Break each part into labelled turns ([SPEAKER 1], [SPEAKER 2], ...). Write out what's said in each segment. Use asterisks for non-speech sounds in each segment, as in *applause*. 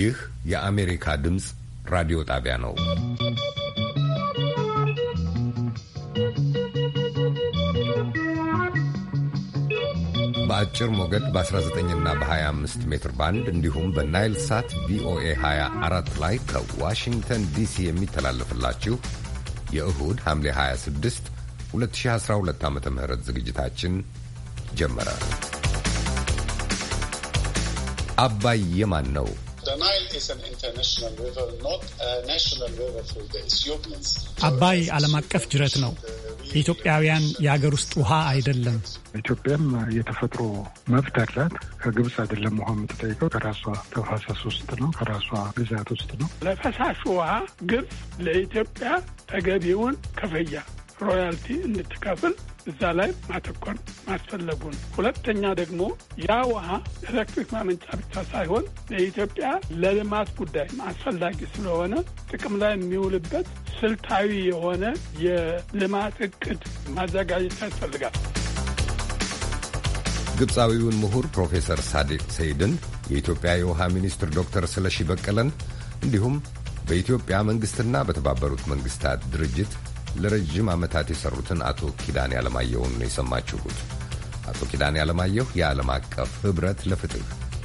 [SPEAKER 1] ይህ የአሜሪካ ድምፅ ራዲዮ ጣቢያ ነው። በአጭር ሞገድ በ19ና በ25 ሜትር ባንድ እንዲሁም በናይል ሳት ቪኦኤ 24 ላይ ከዋሽንግተን ዲሲ የሚተላለፍላችሁ የእሁድ ሐምሌ 26 2012 ዓ ም ዝግጅታችን ጀመረ። አባይ የማን ነው? አባይ ዓለም አቀፍ ጅረት ነው። የኢትዮጵያውያን
[SPEAKER 2] የሀገር ውስጥ ውሃ አይደለም። ኢትዮጵያም የተፈጥሮ መብት አላት። ከግብፅ አይደለም ውሃ የምትጠይቀው ከራሷ ተፋሰስ ውስጥ ነው፣ ከራሷ ግዛት ውስጥ ነው።
[SPEAKER 3] ለፈሳሽ ውሃ ግብፅ ለኢትዮጵያ ተገቢውን ክፍያ ሮያልቲ እንድትከፍል እዛ ላይ ማተኮር ማስፈለጉን ሁለተኛ ደግሞ ያ ውሃ ኤሌክትሪክ ማመንጫ ብቻ ሳይሆን ለኢትዮጵያ ለልማት ጉዳይ አስፈላጊ ስለሆነ ጥቅም ላይ የሚውልበት ስልታዊ የሆነ የልማት እቅድ ማዘጋጀት ያስፈልጋል።
[SPEAKER 1] ግብፃዊውን ምሁር ፕሮፌሰር ሳዲቅ ሰይድን፣ የኢትዮጵያ የውሃ ሚኒስትር ዶክተር ስለሺ በቀለን እንዲሁም በኢትዮጵያ መንግሥትና በተባበሩት መንግሥታት ድርጅት ለረጅም ዓመታት የሰሩትን አቶ ኪዳኔ አለማየሁን ነው የሰማችሁት። አቶ ኪዳኔ አለማየሁ የዓለም አቀፍ ኅብረት ለፍትሕ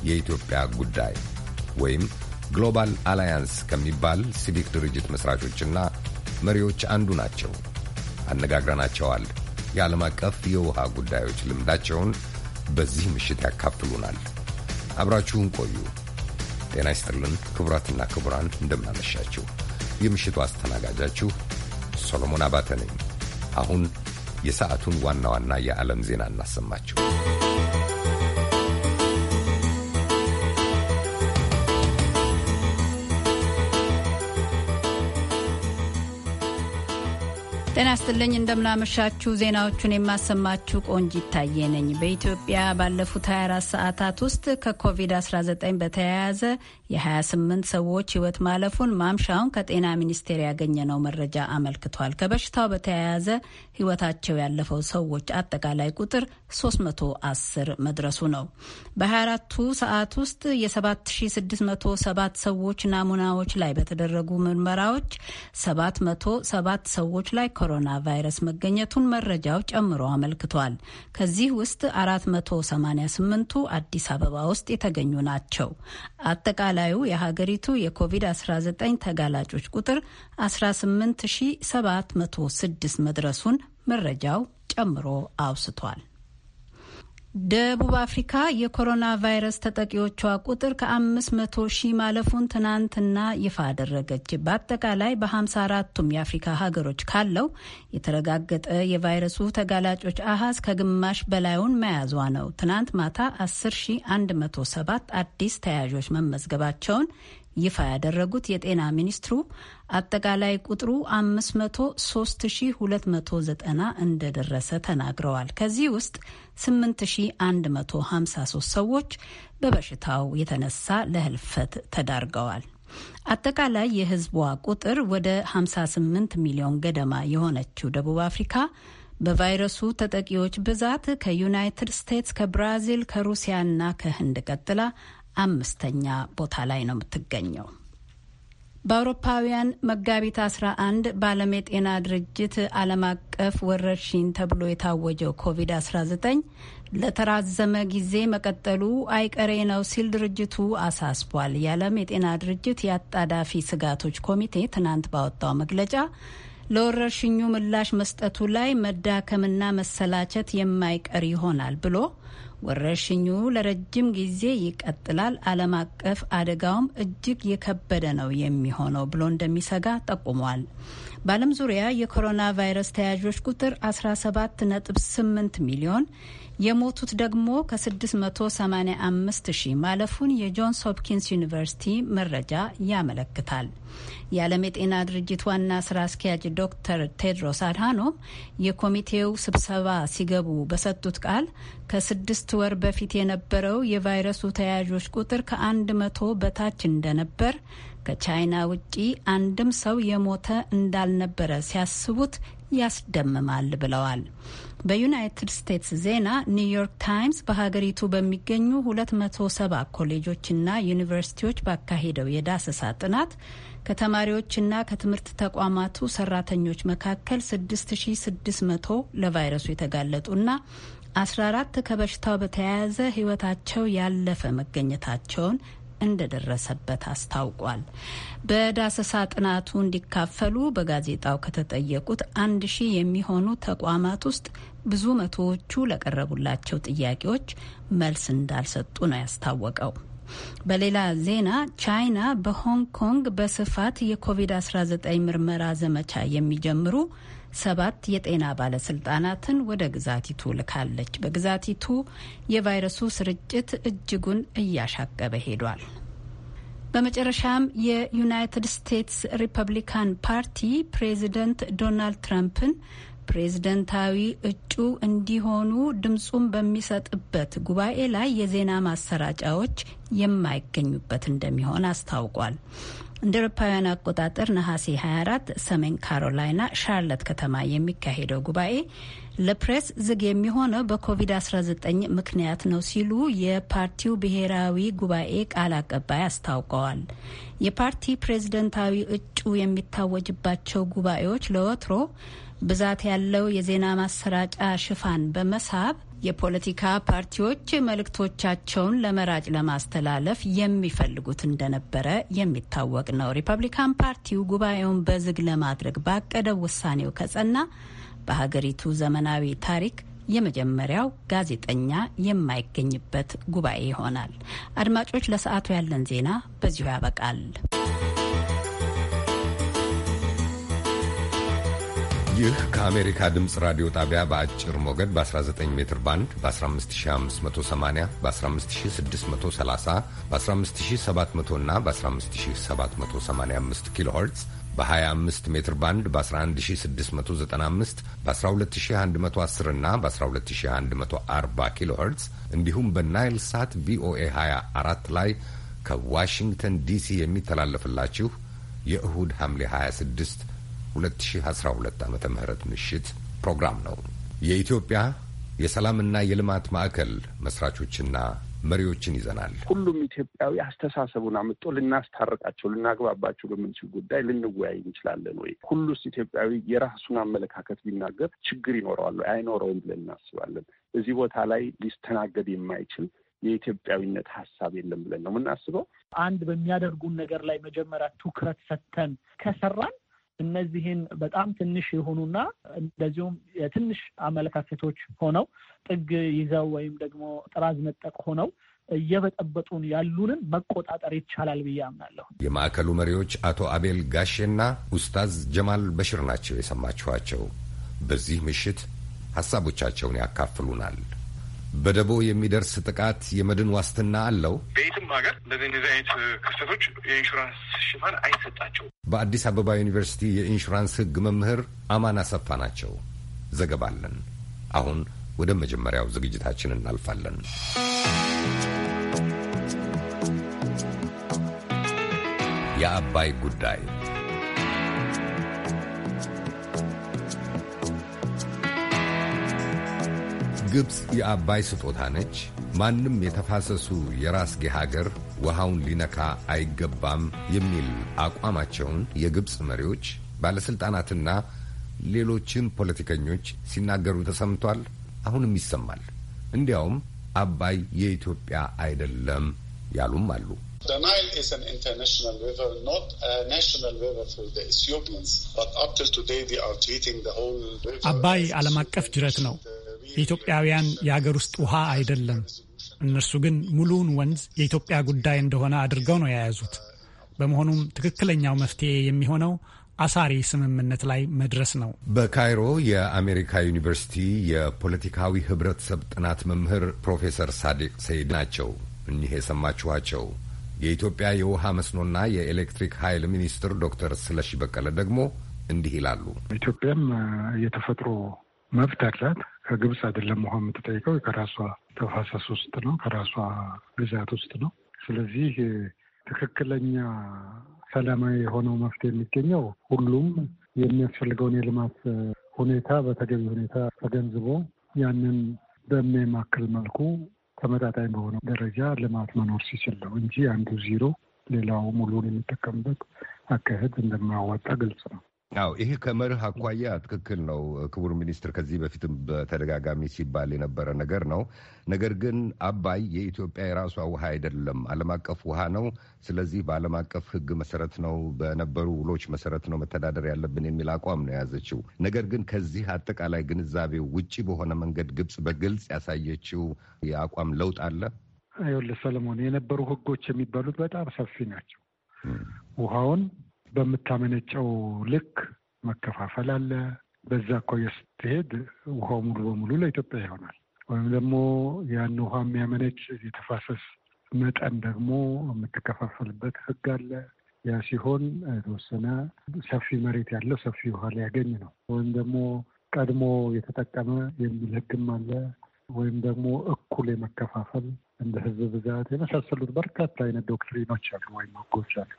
[SPEAKER 1] የኢትዮጵያ ጉዳይ ወይም ግሎባል አላያንስ ከሚባል ሲቪክ ድርጅት መሥራቾችና መሪዎች አንዱ ናቸው። አነጋግረናቸዋል። የዓለም አቀፍ የውሃ ጉዳዮች ልምዳቸውን በዚህ ምሽት ያካፍሉናል። አብራችሁን ቆዩ። ጤና ይስጥልን ክቡራትና ክቡራን፣ እንደምናመሻችሁ። የምሽቱ አስተናጋጃችሁ ሰሎሞን አባተ ነኝ። አሁን የሰዓቱን ዋና ዋና የዓለም ዜና እናሰማችሁ።
[SPEAKER 4] ይስጥልኝ እንደምናመሻችሁ። ዜናዎቹን የማሰማችሁ ቆንጅ ይታየ ነኝ። በኢትዮጵያ ባለፉት 24 ሰዓታት ውስጥ ከኮቪድ-19 በተያያዘ የ28 ሰዎች ህይወት ማለፉን ማምሻውን ከጤና ሚኒስቴር ያገኘነው መረጃ አመልክቷል። ከበሽታው በተያያዘ ህይወታቸው ያለፈው ሰዎች አጠቃላይ ቁጥር 310 መድረሱ ነው። በ24ቱ ሰዓት ውስጥ የ7607 ሰዎች ናሙናዎች ላይ በተደረጉ ምርመራዎች 707 ሰዎች ላይ ኮሮና ቫይረስ መገኘቱን መረጃው ጨምሮ አመልክቷል። ከዚህ ውስጥ 488ቱ አዲስ አበባ ውስጥ የተገኙ ናቸው። አጠቃላዩ የሀገሪቱ የኮቪድ-19 ተጋላጮች ቁጥር 18706 መድረሱን መረጃው ጨምሮ አውስቷል። ደቡብ አፍሪካ የኮሮና ቫይረስ ተጠቂዎቿ ቁጥር ከ500 ሺህ ማለፉን ትናንትና ይፋ አደረገች። በአጠቃላይ በ54ቱም የአፍሪካ ሀገሮች ካለው የተረጋገጠ የቫይረሱ ተጋላጮች አሃዝ ከግማሽ በላዩን መያዟ ነው። ትናንት ማታ 10107 አዲስ ተያዦች መመዝገባቸውን ይፋ ያደረጉት የጤና ሚኒስትሩ አጠቃላይ ቁጥሩ 503290 እንደደረሰ ተናግረዋል። ከዚህ ውስጥ 8153 ሰዎች በበሽታው የተነሳ ለህልፈት ተዳርገዋል። አጠቃላይ የህዝቧ ቁጥር ወደ 58 ሚሊዮን ገደማ የሆነችው ደቡብ አፍሪካ በቫይረሱ ተጠቂዎች ብዛት ከዩናይትድ ስቴትስ፣ ከብራዚል፣ ከሩሲያና ከህንድ ቀጥላ አምስተኛ ቦታ ላይ ነው የምትገኘው። በአውሮፓውያን መጋቢት 11 በዓለም የጤና ድርጅት ዓለም አቀፍ ወረርሽኝ ተብሎ የታወጀው ኮቪድ-19 ለተራዘመ ጊዜ መቀጠሉ አይቀሬ ነው ሲል ድርጅቱ አሳስቧል። የዓለም የጤና ድርጅት የአጣዳፊ ስጋቶች ኮሚቴ ትናንት ባወጣው መግለጫ ለወረርሽኙ ምላሽ መስጠቱ ላይ መዳከምና መሰላቸት የማይቀር ይሆናል ብሎ ወረርሽኙ ለረጅም ጊዜ ይቀጥላል፣ ዓለም አቀፍ አደጋውም እጅግ የከበደ ነው የሚሆነው ብሎ እንደሚሰጋ ጠቁሟል። በዓለም ዙሪያ የኮሮና ቫይረስ ተያዦች ቁጥር 17.8 ሚሊዮን የሞቱት ደግሞ ከ685 ሺህ ማለፉን የጆንስ ሆፕኪንስ ዩኒቨርሲቲ መረጃ ያመለክታል። የዓለም የጤና ድርጅት ዋና ስራ አስኪያጅ ዶክተር ቴድሮስ አድሃኖም የኮሚቴው ስብሰባ ሲገቡ በሰጡት ቃል ከስድስት ወር በፊት የነበረው የቫይረሱ ተያያዦች ቁጥር ከአንድ መቶ በታች እንደነበር ከቻይና ውጪ አንድም ሰው የሞተ እንዳልነበረ ሲያስቡት ያስደምማል ብለዋል። በዩናይትድ ስቴትስ ዜና ኒውዮርክ ታይምስ በሀገሪቱ በሚገኙ 270 ኮሌጆችና ዩኒቨርሲቲዎች ባካሄደው የዳሰሳ ጥናት ከተማሪዎችና ከትምህርት ተቋማቱ ሰራተኞች መካከል 6600 ለቫይረሱ የተጋለጡና 14 ከበሽታው በተያያዘ ሕይወታቸው ያለፈ መገኘታቸውን እንደደረሰበት አስታውቋል። በዳሰሳ ጥናቱ እንዲካፈሉ በጋዜጣው ከተጠየቁት አንድ ሺህ የሚሆኑ ተቋማት ውስጥ ብዙ መቶዎቹ ለቀረቡላቸው ጥያቄዎች መልስ እንዳልሰጡ ነው ያስታወቀው። በሌላ ዜና ቻይና በሆንግ ኮንግ በስፋት የኮቪድ-19 ምርመራ ዘመቻ የሚጀምሩ ሰባት የጤና ባለስልጣናትን ወደ ግዛቲቱ ልካለች። በግዛቲቱ የቫይረሱ ስርጭት እጅጉን እያሻቀበ ሄዷል። በመጨረሻም የዩናይትድ ስቴትስ ሪፐብሊካን ፓርቲ ፕሬዚደንት ዶናልድ ትራምፕን ፕሬዝደንታዊ እጩ እንዲሆኑ ድምፁን በሚሰጥበት ጉባኤ ላይ የዜና ማሰራጫዎች የማይገኙበት እንደሚሆን አስታውቋል። እንደ አውሮፓውያን አቆጣጠር ነሐሴ 24 ሰሜን ካሮላይና ሻርለት ከተማ የሚካሄደው ጉባኤ ለፕሬስ ዝግ የሚሆነው በኮቪድ-19 ምክንያት ነው ሲሉ የፓርቲው ብሔራዊ ጉባኤ ቃል አቀባይ አስታውቀዋል። የፓርቲ ፕሬዝደንታዊ እጩ የሚታወጅባቸው ጉባኤዎች ለወትሮ ብዛት ያለው የዜና ማሰራጫ ሽፋን በመሳብ የፖለቲካ ፓርቲዎች መልእክቶቻቸውን ለመራጭ ለማስተላለፍ የሚፈልጉት እንደነበረ የሚታወቅ ነው። ሪፐብሊካን ፓርቲው ጉባኤውን በዝግ ለማድረግ ባቀደው ውሳኔው ከጸና በሀገሪቱ ዘመናዊ ታሪክ የመጀመሪያው ጋዜጠኛ የማይገኝበት ጉባኤ ይሆናል። አድማጮች፣ ለሰዓቱ ያለን ዜና በዚሁ ያበቃል።
[SPEAKER 1] ይህ ከአሜሪካ ድምፅ ራዲዮ ጣቢያ በአጭር ሞገድ በ19 ሜትር ባንድ በ15580 በ15630 በ15700 እና በ15785 ኪሎ ኸርትዝ በ25 ሜትር ባንድ በ11695 በ12110 እና በ12140 ኪሎ ኸርትዝ እንዲሁም በናይል ሳት ቪኦኤ 24 ላይ ከዋሽንግተን ዲሲ የሚተላለፍላችሁ የእሁድ ሐምሌ 26 2012 ዓ ም ምሽት ፕሮግራም ነው። የኢትዮጵያ የሰላምና የልማት ማዕከል መስራቾችና መሪዎችን ይዘናል።
[SPEAKER 5] ሁሉም ኢትዮጵያዊ አስተሳሰቡን አምጦ ልናስታርቃቸው፣ ልናግባባቸው በምንችል ጉዳይ ልንወያይ እንችላለን ወይ? ሁሉስ ኢትዮጵያዊ የራሱን አመለካከት ቢናገር ችግር ይኖረዋል አይኖረውም ብለን እናስባለን። እዚህ ቦታ ላይ ሊስተናገድ የማይችል የኢትዮጵያዊነት ሀሳብ
[SPEAKER 6] የለም ብለን ነው የምናስበው። አንድ በሚያደርጉን ነገር ላይ መጀመሪያ ትኩረት ሰጥተን ከሰራን እነዚህን በጣም ትንሽ የሆኑና እንደዚሁም የትንሽ አመለካከቶች ሆነው ጥግ ይዘው ወይም ደግሞ ጥራዝ ነጠቅ ሆነው እየበጠበጡን ያሉንን መቆጣጠር ይቻላል ብዬ አምናለሁ።
[SPEAKER 1] የማዕከሉ መሪዎች አቶ አቤል ጋሼና ኡስታዝ ጀማል በሽር ናቸው የሰማችኋቸው። በዚህ ምሽት ሀሳቦቻቸውን ያካፍሉናል። በደቦ የሚደርስ ጥቃት የመድን ዋስትና አለው?
[SPEAKER 7] በየትም ሀገር እንደዚህ እንደዚህ አይነት ክስተቶች የኢንሹራንስ ሽፋን አይሰጣቸውም።
[SPEAKER 1] በአዲስ አበባ ዩኒቨርሲቲ የኢንሹራንስ ሕግ መምህር አማን አሰፋ ናቸው። ዘገባለን። አሁን ወደ መጀመሪያው ዝግጅታችን እናልፋለን። የአባይ ጉዳይ ግብፅ የአባይ ስጦታ ነች። ማንም የተፋሰሱ የራስጌ ሀገር ውሃውን ሊነካ አይገባም የሚል አቋማቸውን የግብፅ መሪዎች፣ ባለሥልጣናትና ሌሎችን ፖለቲከኞች ሲናገሩ ተሰምቷል። አሁንም ይሰማል። እንዲያውም አባይ የኢትዮጵያ አይደለም ያሉም አሉ።
[SPEAKER 2] አባይ ዓለም አቀፍ ጅረት ነው። የኢትዮጵያውያን የአገር ውስጥ ውሃ አይደለም። እነርሱ ግን ሙሉውን ወንዝ የኢትዮጵያ ጉዳይ እንደሆነ አድርገው ነው የያዙት። በመሆኑም ትክክለኛው መፍትሄ የሚሆነው አሳሪ ስምምነት ላይ መድረስ ነው።
[SPEAKER 1] በካይሮ የአሜሪካ ዩኒቨርሲቲ የፖለቲካዊ ህብረተሰብ ጥናት መምህር ፕሮፌሰር ሳዲቅ ሰይድ ናቸው። እኒህ የሰማችኋቸው የኢትዮጵያ የውሃ መስኖና የኤሌክትሪክ ኃይል ሚኒስትር ዶክተር ስለሺ በቀለ ደግሞ እንዲህ ይላሉ።
[SPEAKER 2] ኢትዮጵያም የተፈጥሮ መብት አላት። ከግብፅ አይደለም ውሃ የምትጠይቀው ከራሷ ተፋሰስ ውስጥ ነው፣ ከራሷ ግዛት ውስጥ ነው። ስለዚህ ትክክለኛ ሰላማዊ የሆነው መፍትሄ የሚገኘው ሁሉም የሚያስፈልገውን የልማት ሁኔታ በተገቢ ሁኔታ ተገንዝቦ ያንን በሚያማክል መልኩ ተመጣጣኝ በሆነ ደረጃ ልማት መኖር ሲችል ነው እንጂ አንዱ ዜሮ ሌላው ሙሉን የሚጠቀምበት አካሄድ እንደማያዋጣ ግልጽ ነው።
[SPEAKER 1] አዎ ይሄ ከመርህ አኳያ ትክክል ነው። ክቡር ሚኒስትር ከዚህ በፊትም በተደጋጋሚ ሲባል የነበረ ነገር ነው። ነገር ግን አባይ የኢትዮጵያ የራሷ ውሃ አይደለም፣ ዓለም አቀፍ ውሃ ነው። ስለዚህ በዓለም አቀፍ ሕግ መሰረት ነው በነበሩ ውሎች መሰረት ነው መተዳደር ያለብን የሚል አቋም ነው የያዘችው። ነገር ግን ከዚህ አጠቃላይ ግንዛቤ ውጪ በሆነ መንገድ ግብጽ በግልጽ ያሳየችው የአቋም ለውጥ አለ።
[SPEAKER 2] ይኸውልህ ሰለሞን፣ የነበሩ ሕጎች የሚባሉት በጣም ሰፊ ናቸው። ውሃውን በምታመነጨው ልክ መከፋፈል አለ። በዛ አኳያ ስትሄድ ውሃው ሙሉ በሙሉ ለኢትዮጵያ ይሆናል። ወይም ደግሞ ያን ውሃ የሚያመነጭ የተፋሰስ መጠን ደግሞ የምትከፋፈልበት ህግ አለ። ያ ሲሆን የተወሰነ ሰፊ መሬት ያለው ሰፊ ውሃ ሊያገኝ ነው። ወይም ደግሞ ቀድሞ የተጠቀመ የሚል ህግም አለ። ወይም ደግሞ እኩል የመከፋፈል እንደ ህዝብ ብዛት የመሳሰሉት በርካታ አይነት ዶክትሪኖች አሉ ወይም ህጎች አሉ።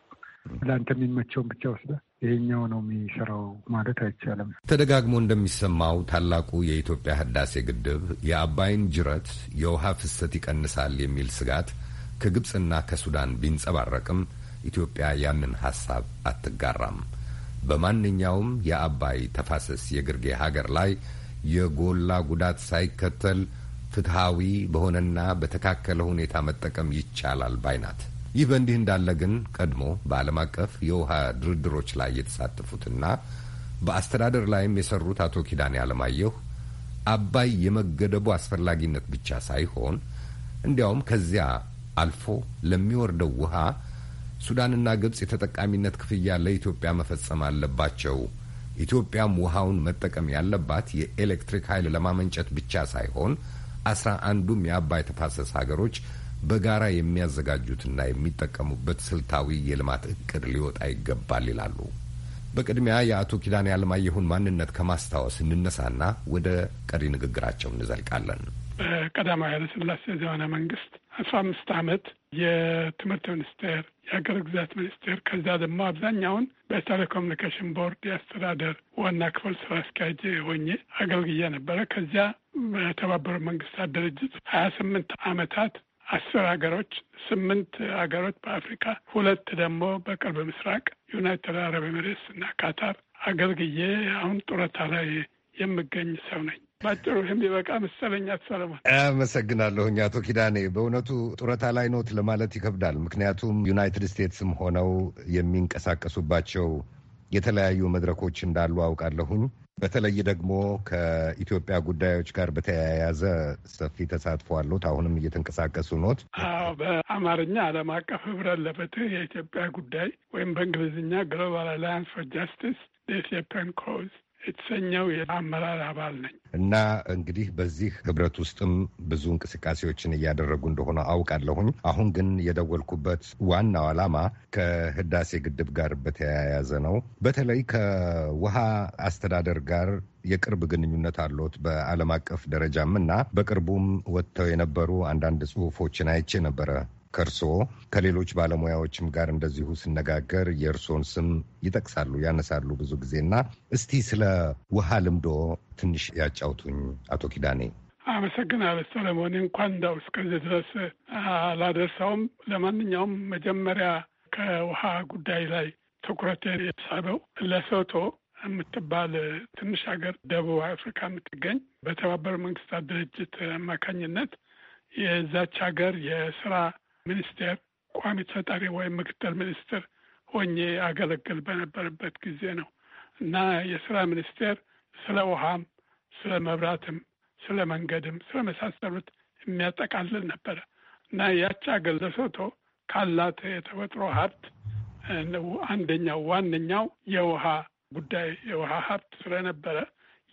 [SPEAKER 2] ለአንተ የሚመቸውን ብቻ ወስደ ይሄኛው ነው የሚሰራው ማለት አይቻልም።
[SPEAKER 1] ተደጋግሞ እንደሚሰማው ታላቁ የኢትዮጵያ ህዳሴ ግድብ የአባይን ጅረት የውሃ ፍሰት ይቀንሳል የሚል ስጋት ከግብፅና ከሱዳን ቢንጸባረቅም ኢትዮጵያ ያንን ሐሳብ አትጋራም። በማንኛውም የአባይ ተፋሰስ የግርጌ ሀገር ላይ የጎላ ጉዳት ሳይከተል ፍትሐዊ በሆነና በተካከለ ሁኔታ መጠቀም ይቻላል ባይናት ይህ በእንዲህ እንዳለ ግን ቀድሞ በዓለም አቀፍ የውሃ ድርድሮች ላይ የተሳተፉትና በአስተዳደር ላይም የሰሩት አቶ ኪዳኔ አለማየሁ አባይ የመገደቡ አስፈላጊነት ብቻ ሳይሆን እንዲያውም ከዚያ አልፎ ለሚወርደው ውሃ ሱዳንና ግብፅ የተጠቃሚነት ክፍያ ለኢትዮጵያ መፈጸም አለባቸው። ኢትዮጵያም ውሃውን መጠቀም ያለባት የኤሌክትሪክ ኃይል ለማመንጨት ብቻ ሳይሆን አስራ አንዱም የአባይ ተፋሰስ ሀገሮች በጋራ የሚያዘጋጁትና የሚጠቀሙበት ስልታዊ የልማት እቅድ ሊወጣ ይገባል ይላሉ። በቅድሚያ የአቶ ኪዳን ያለማየሁን ማንነት ከማስታወስ እንነሳና ወደ ቀሪ ንግግራቸው እንዘልቃለን።
[SPEAKER 3] በቀዳማዊ ኃይለስላሴ ዘመነ መንግስት አስራ አምስት ዓመት የትምህርት ሚኒስቴር፣ የሀገር ግዛት ሚኒስቴር ከዛ ደግሞ አብዛኛውን በቴሌኮሙኒኬሽን ቦርድ የአስተዳደር ዋና ክፍል ስራ አስኪያጅ ሆኜ አገልግዬ ነበረ። ከዚያ በተባበሩት መንግስታት ድርጅት ሀያ ስምንት ዓመታት አስር ሀገሮች ስምንት ሀገሮች በአፍሪካ ሁለት ደግሞ በቅርብ ምስራቅ ዩናይትድ አረብ ኤምሬትስ እና ካታር አገልግዬ አሁን ጡረታ ላይ የምገኝ ሰው ነኝ። ባጭሩ ይህም ቢበቃ መሰለኝ። ሰለሞን
[SPEAKER 1] አመሰግናለሁኝ። አቶ ኪዳኔ በእውነቱ ጡረታ ላይ ኖት ለማለት ይከብዳል። ምክንያቱም ዩናይትድ ስቴትስም ሆነው የሚንቀሳቀሱባቸው የተለያዩ መድረኮች እንዳሉ አውቃለሁኝ። በተለይ ደግሞ ከኢትዮጵያ ጉዳዮች ጋር በተያያዘ ሰፊ ተሳትፎ አሉት። አሁንም እየተንቀሳቀሱ ኖት?
[SPEAKER 3] አዎ፣ በአማርኛ ዓለም አቀፍ ህብረት ለፍትህ የኢትዮጵያ ጉዳይ ወይም በእንግሊዝኛ ግሎባል አላያንስ ፎር ጃስቲስ ኢትዮጵያን ኮዝ የተሰኘው የአመራር አባል ነኝ
[SPEAKER 1] እና እንግዲህ በዚህ ህብረት ውስጥም ብዙ እንቅስቃሴዎችን እያደረጉ እንደሆነ አውቃለሁኝ። አሁን ግን የደወልኩበት ዋናው ዓላማ ከህዳሴ ግድብ ጋር በተያያዘ ነው። በተለይ ከውሃ አስተዳደር ጋር የቅርብ ግንኙነት አለዎት በዓለም አቀፍ ደረጃም እና በቅርቡም ወጥተው የነበሩ አንዳንድ ጽሁፎችን አይቼ ነበረ ከእርስዎ ከሌሎች ባለሙያዎችም ጋር እንደዚሁ ስነጋገር የእርስዎን ስም ይጠቅሳሉ፣ ያነሳሉ ብዙ ጊዜ እና እስቲ ስለ ውሃ ልምዶ ትንሽ ያጫውቱኝ አቶ ኪዳኔ።
[SPEAKER 3] አመሰግናለሁ ሰለሞን። እንኳን እንዳው እስከዚህ ድረስ አላደርሰውም። ለማንኛውም መጀመሪያ ከውሃ ጉዳይ ላይ ትኩረት የሳበው ለሶቶ የምትባል ትንሽ ሀገር ደቡብ አፍሪካ የምትገኝ በተባበሩ መንግስታት ድርጅት አማካኝነት የዛች ሀገር የስራ ሚኒስቴር ቋሚ ተጠሪ ወይም ምክትል ሚኒስትር ሆኜ አገለግል በነበረበት ጊዜ ነው እና የስራ ሚኒስቴር ስለ ውሃም፣ ስለ መብራትም፣ ስለ መንገድም ስለመሳሰሉት የሚያጠቃልል ነበረ እና ያቺ አገር ለሶቶ ካላት የተፈጥሮ ሀብት አንደኛው ዋነኛው የውሃ ጉዳይ የውሃ ሀብት ስለነበረ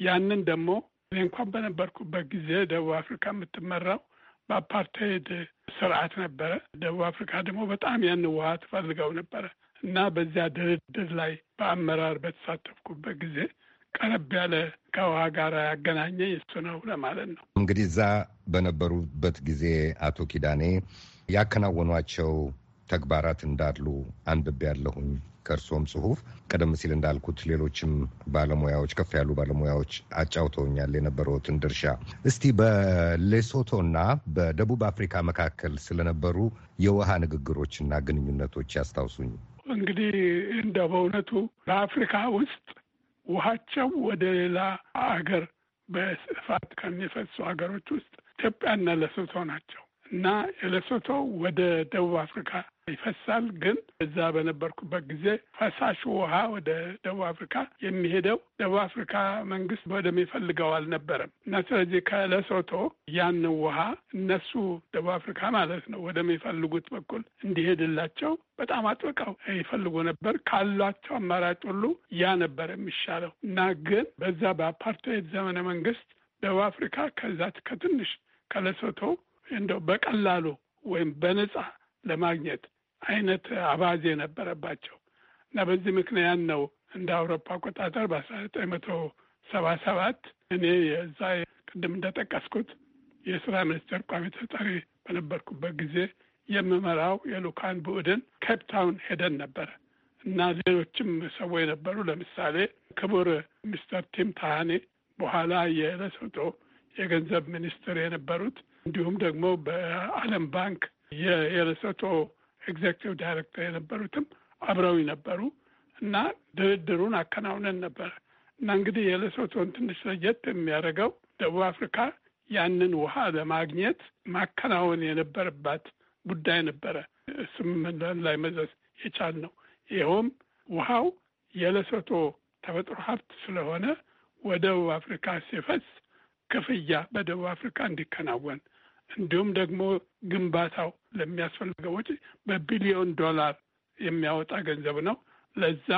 [SPEAKER 3] ያንን ደግሞ እኔ እንኳን በነበርኩበት ጊዜ ደቡብ አፍሪካ የምትመራው በአፓርታይድ ስርዓት ነበረ። ደቡብ አፍሪካ ደግሞ በጣም ያን ውሃ ትፈልገው ነበረ እና በዚያ ድርድር ላይ በአመራር በተሳተፍኩበት ጊዜ ቀረብ ያለ ከውሃ ጋር ያገናኘ እሱ ነው ለማለት ነው።
[SPEAKER 1] እንግዲህ እዛ በነበሩበት ጊዜ አቶ ኪዳኔ ያከናወኗቸው ተግባራት እንዳሉ አንብቤ ያለሁኝ ከእርሶም ጽሁፍ ቀደም ሲል እንዳልኩት ሌሎችም ባለሙያዎች ከፍ ያሉ ባለሙያዎች አጫውተውኛል የነበረውትን ድርሻ። እስቲ በሌሶቶና በደቡብ አፍሪካ መካከል ስለነበሩ የውሃ ንግግሮችና ግንኙነቶች ያስታውሱኝ።
[SPEAKER 3] እንግዲህ እንደ በእውነቱ በአፍሪካ ውስጥ ውሃቸው ወደ ሌላ አገር በስፋት ከሚፈሱ ሀገሮች ውስጥ ኢትዮጵያና ለሶቶ ናቸው። እና ኤሌሶቶ ወደ ደቡብ አፍሪካ ይፈሳል። ግን እዛ በነበርኩበት ጊዜ ፈሳሽ ውሃ ወደ ደቡብ አፍሪካ የሚሄደው ደቡብ አፍሪካ መንግስት ወደሚፈልገው አልነበረም እና ስለዚህ ከለሶቶ ያን ውሃ እነሱ ደቡብ አፍሪካ ማለት ነው ወደሚፈልጉት በኩል እንዲሄድላቸው በጣም አጥብቀው ይፈልጉ ነበር። ካሏቸው አማራጭ ሁሉ ያ ነበር የሚሻለው እና ግን በዛ በአፓርታይድ ዘመነ መንግስት ደቡብ አፍሪካ ከዛት ከትንሽ ከለሶቶ እንደው በቀላሉ ወይም በነጻ ለማግኘት አይነት አባዜ የነበረባቸው እና በዚህ ምክንያት ነው እንደ አውሮፓ አቆጣጠር በአስራ ዘጠኝ መቶ ሰባ ሰባት እኔ የዛ ቅድም እንደጠቀስኩት የስራ ሚኒስቴር ቋሚ ተጠሪ በነበርኩበት ጊዜ የምመራው የልኡካን ቡድን ኬፕታውን ሄደን ነበረ እና ሌሎችም ሰዎች የነበሩ ለምሳሌ ክቡር ሚስተር ቲም ታሃኔ በኋላ የሌሶቶ የገንዘብ ሚኒስትር የነበሩት እንዲሁም ደግሞ በዓለም ባንክ የሌሶቶ ኤግዜክቲቭ ዳይሬክተር የነበሩትም አብረው ነበሩ እና ድርድሩን አከናውነን ነበረ እና እንግዲህ የሌሶቶን ትንሽ ለየት የሚያደርገው ደቡብ አፍሪካ ያንን ውሃ ለማግኘት ማከናወን የነበረባት ጉዳይ ነበረ። እሱም ላይ መዘዝ የቻል ነው። ይኸውም ውሃው የለሶቶ ተፈጥሮ ሀብት ስለሆነ ወደ ደቡብ አፍሪካ ሲፈስ ክፍያ በደቡብ አፍሪካ እንዲከናወን እንዲሁም ደግሞ ግንባታው ለሚያስፈልገው ወጪ በቢሊዮን ዶላር የሚያወጣ ገንዘብ ነው። ለዛ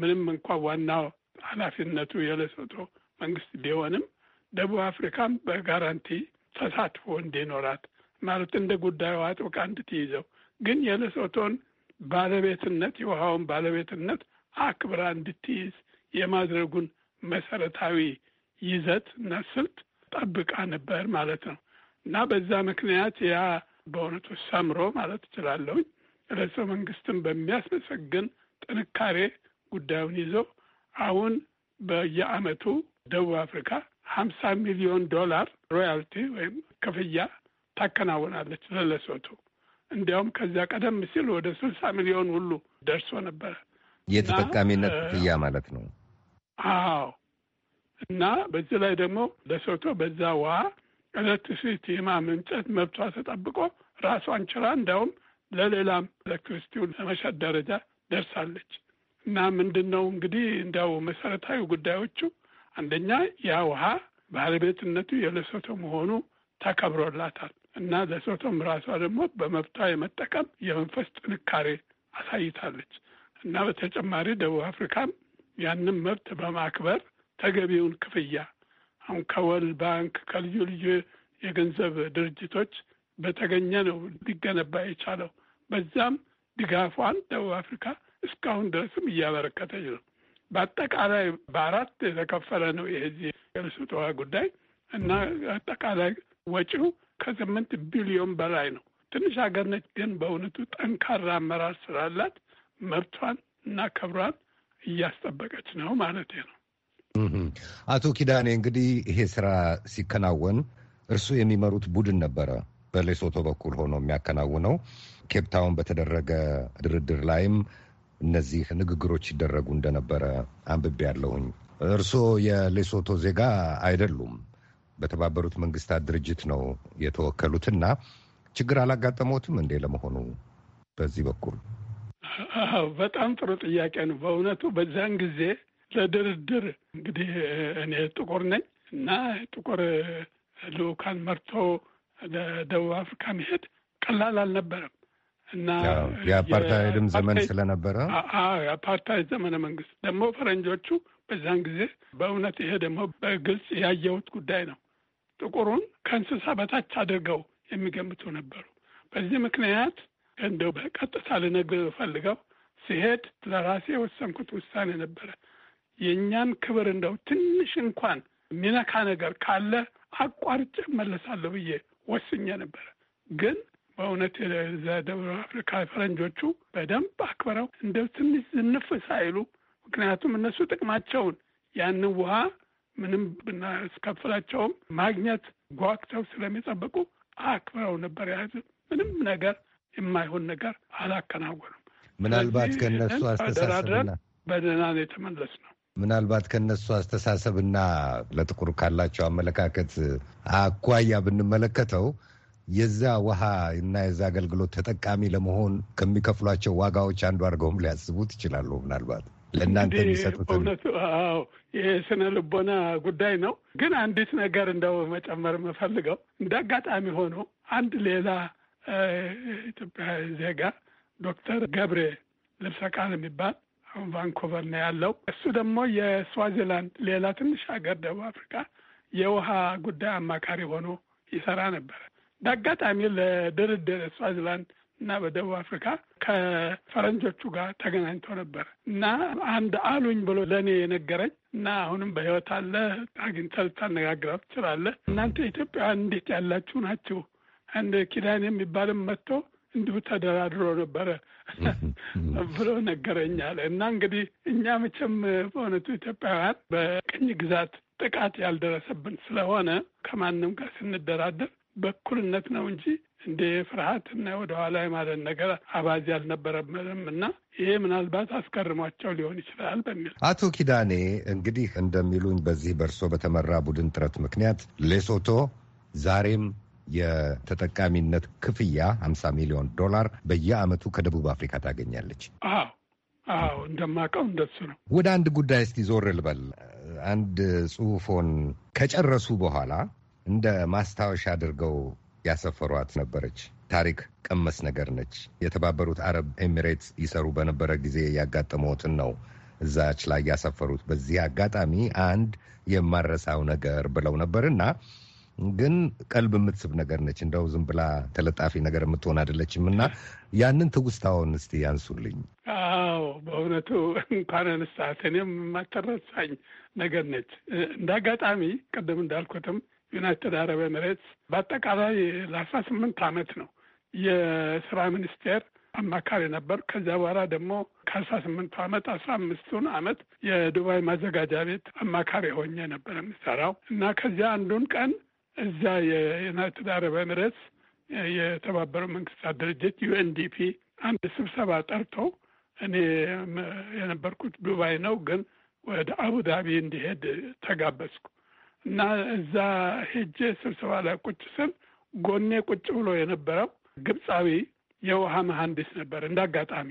[SPEAKER 3] ምንም እንኳ ዋናው ኃላፊነቱ የለሰቶ መንግስት ቢሆንም ደቡብ አፍሪካም በጋራንቲ ተሳትፎ እንዲኖራት ማለት እንደ ጉዳዩ አጥብቃ እንድትይዘው ግን የሌሶቶን ባለቤትነት የውሃውን ባለቤትነት አክብራ እንድትይዝ የማድረጉን መሰረታዊ ይዘት እና ስልት ጠብቃ ነበር ማለት ነው። እና በዛ ምክንያት ያ በእውነቱ ሰምሮ ማለት እችላለሁኝ ርዕሰ መንግስትን በሚያስመሰግን ጥንካሬ ጉዳዩን ይዞ አሁን በየአመቱ ደቡብ አፍሪካ ሀምሳ ሚሊዮን ዶላር ሮያልቲ ወይም ክፍያ ታከናውናለች ለለሶቱ። እንዲያውም ከዚያ ቀደም ሲል ወደ ስልሳ ሚሊዮን ሁሉ ደርሶ ነበረ። የተጠቃሚነት
[SPEAKER 1] ክፍያ ማለት ነው።
[SPEAKER 3] አዎ። እና በዚህ ላይ ደግሞ ለሶቶ በዛ ውሃ ኤሌክትሪሲቲ የማመንጨት መብቷ ተጠብቆ ራሷን ችላ እንዲያውም ለሌላም ኤሌክትሪሲቲውን ለመሸጥ ደረጃ ደርሳለች። እና ምንድን ነው እንግዲህ እንዲያው መሰረታዊ ጉዳዮቹ አንደኛ ያ ውሃ ባለቤትነቱ የለሶቶ መሆኑ ተከብሮላታል እና ለሶቶም ራሷ ደግሞ በመብቷ የመጠቀም የመንፈስ ጥንካሬ አሳይታለች እና በተጨማሪ ደቡብ አፍሪካም ያንን መብት በማክበር ተገቢውን ክፍያ ከወርልድ ባንክ ከልዩ ልዩ የገንዘብ ድርጅቶች በተገኘ ነው ሊገነባ የቻለው። በዛም ድጋፏን ደቡብ አፍሪካ እስካሁን ድረስም እያበረከተች ነው። በአጠቃላይ በአራት የተከፈለ ነው የዚህ የሌሶቶዋ ጉዳይ እና አጠቃላይ ወጪው ከስምንት ቢሊዮን በላይ ነው። ትንሽ ሀገር ነች፣ ግን በእውነቱ ጠንካራ አመራር ስላላት መብቷን እና ክብሯን እያስጠበቀች ነው ማለት ነው።
[SPEAKER 1] አቶ ኪዳኔ እንግዲህ ይሄ ስራ ሲከናወን እርሱ የሚመሩት ቡድን ነበረ በሌሶቶ በኩል ሆኖ የሚያከናውነው። ኬፕታውን በተደረገ ድርድር ላይም እነዚህ ንግግሮች ሲደረጉ እንደነበረ አንብቤ ያለሁኝ። እርስዎ የሌሶቶ ዜጋ አይደሉም። በተባበሩት መንግስታት ድርጅት ነው የተወከሉትና ችግር አላጋጠሞትም እንዴ ለመሆኑ?
[SPEAKER 3] በዚህ በኩል በጣም ጥሩ ጥያቄ ነው። በእውነቱ በዚያን ጊዜ ለድርድር እንግዲህ እኔ ጥቁር ነኝ እና ጥቁር ልኡካን መርቶ ለደቡብ አፍሪካ መሄድ ቀላል አልነበረም እና የአፓርታይድም
[SPEAKER 1] ዘመን ስለነበረ
[SPEAKER 3] የአፓርታይድ ዘመነ መንግስት ደግሞ ፈረንጆቹ በዛን ጊዜ በእውነት ይሄ ደግሞ በግልጽ ያየሁት ጉዳይ ነው። ጥቁሩን ከእንስሳ በታች አድርገው የሚገምቱ ነበሩ። በዚህ ምክንያት እንደው በቀጥታ ልነግር ፈልገው ሲሄድ ለራሴ የወሰንኩት ውሳኔ ነበረ። የእኛን ክብር እንደው ትንሽ እንኳን ሚነካ ነገር ካለ አቋርጬ እመለሳለሁ ብዬ ወስኜ ነበረ። ግን በእውነት ደቡብ አፍሪካ ፈረንጆቹ በደንብ አክብረው እንደው ትንሽ ዝንፍ ሳይሉ፣ ምክንያቱም እነሱ ጥቅማቸውን ያንን ውሃ ምንም ብናስከፍላቸውም ማግኘት ጓግተው ስለሚጠብቁ አክብረው ነበር የያዙት። ምንም ነገር የማይሆን ነገር አላከናወኑም።
[SPEAKER 1] ምናልባት ከእነሱ አስተሳሰብና
[SPEAKER 3] በደህና ነው የተመለስ ነው።
[SPEAKER 1] ምናልባት ከነሱ አስተሳሰብና ለጥቁር ካላቸው አመለካከት አኳያ ብንመለከተው የዛ ውሃ እና የዛ አገልግሎት ተጠቃሚ ለመሆን ከሚከፍሏቸው ዋጋዎች አንዱ አድርገውም ሊያስቡት ይችላሉ። ምናልባት ለእናንተ የሚሰጡት እውነቱ
[SPEAKER 3] የስነ ልቦና ጉዳይ ነው። ግን አንዲት ነገር እንደው መጨመር የምፈልገው እንደ አጋጣሚ ሆኖ አንድ ሌላ ኢትዮጵያ ዜጋ ዶክተር ገብሬ ልብሰ ቃል የሚባል ቫንኮቨር ነው ያለው። እሱ ደግሞ የስዋዚላንድ ሌላ ትንሽ ሀገር ደቡብ አፍሪካ የውሃ ጉዳይ አማካሪ ሆኖ ይሰራ ነበረ። በአጋጣሚ ለድርድር ስዋዚላንድ እና በደቡብ አፍሪካ ከፈረንጆቹ ጋር ተገናኝቶ ነበረ እና አንድ አሉኝ ብሎ ለእኔ የነገረኝ እና አሁንም በህይወት አለ አግኝተህ ልታነጋግረው ትችላለህ። እናንተ ኢትዮጵያውያን እንዴት ያላችሁ ናችሁ? አንድ ኪዳን የሚባልም መጥቶ እንዲሁ ተደራድሮ ነበረ ብሎ ነገረኛል። እና እንግዲህ እኛ መቼም በእውነቱ ኢትዮጵያውያን በቅኝ ግዛት ጥቃት ያልደረሰብን ስለሆነ ከማንም ጋር ስንደራደር በኩልነት ነው እንጂ እንደ ፍርሃት ና ወደኋላ የማለት ነገር አባዝ አልነበረምም እና ይሄ ምናልባት አስገርሟቸው ሊሆን ይችላል በሚል
[SPEAKER 1] አቶ ኪዳኔ እንግዲህ እንደሚሉኝ በዚህ በእርሶ በተመራ ቡድን ጥረት ምክንያት ሌሶቶ ዛሬም የተጠቃሚነት ክፍያ 50 ሚሊዮን ዶላር በየዓመቱ ከደቡብ አፍሪካ ታገኛለች።
[SPEAKER 3] አዎ እንደማውቀው እንደሱ ነው።
[SPEAKER 1] ወደ አንድ ጉዳይ እስቲ ዞር ልበል። አንድ ጽሑፎን ከጨረሱ በኋላ እንደ ማስታወሻ አድርገው ያሰፈሯት ነበረች። ታሪክ ቀመስ ነገር ነች። የተባበሩት አረብ ኤሚሬትስ ይሰሩ በነበረ ጊዜ ያጋጠመዎትን ነው እዛች ላይ ያሰፈሩት። በዚህ አጋጣሚ አንድ የማረሳው ነገር ብለው ነበርና ግን ቀልብ የምትስብ ነገር ነች። እንደው ዝም ብላ ተለጣፊ ነገር የምትሆን አይደለችም እና ያንን ትውስታውን እስቲ ያንሱልኝ።
[SPEAKER 3] አዎ በእውነቱ እንኳን አነሳት፣ እኔም የማትረሳኝ ነገር ነች። እንደ አጋጣሚ ቅድም እንዳልኩትም ዩናይትድ አረብ ኤምሬትስ በአጠቃላይ ለአስራ ስምንት ዓመት ነው የስራ ሚኒስቴር አማካሪ ነበር። ከዚያ በኋላ ደግሞ ከአስራ ስምንቱ ዓመት አስራ አምስቱን አመት የዱባይ ማዘጋጃ ቤት አማካሪ ሆኜ ነበር የምሰራው እና ከዚያ አንዱን ቀን እዛ የዩናይትድ አረብ ኤምሬትስ የተባበሩት መንግስታት ድርጅት ዩኤንዲፒ አንድ ስብሰባ ጠርቶ እኔ የነበርኩት ዱባይ ነው፣ ግን ወደ አቡዳቢ እንዲሄድ ተጋበዝኩ እና እዛ ሄጄ ስብሰባ ላይ ቁጭ ስል ጎኔ ቁጭ ብሎ የነበረው ግብፃዊ የውሃ መሐንዲስ ነበር እንደ አጋጣሚ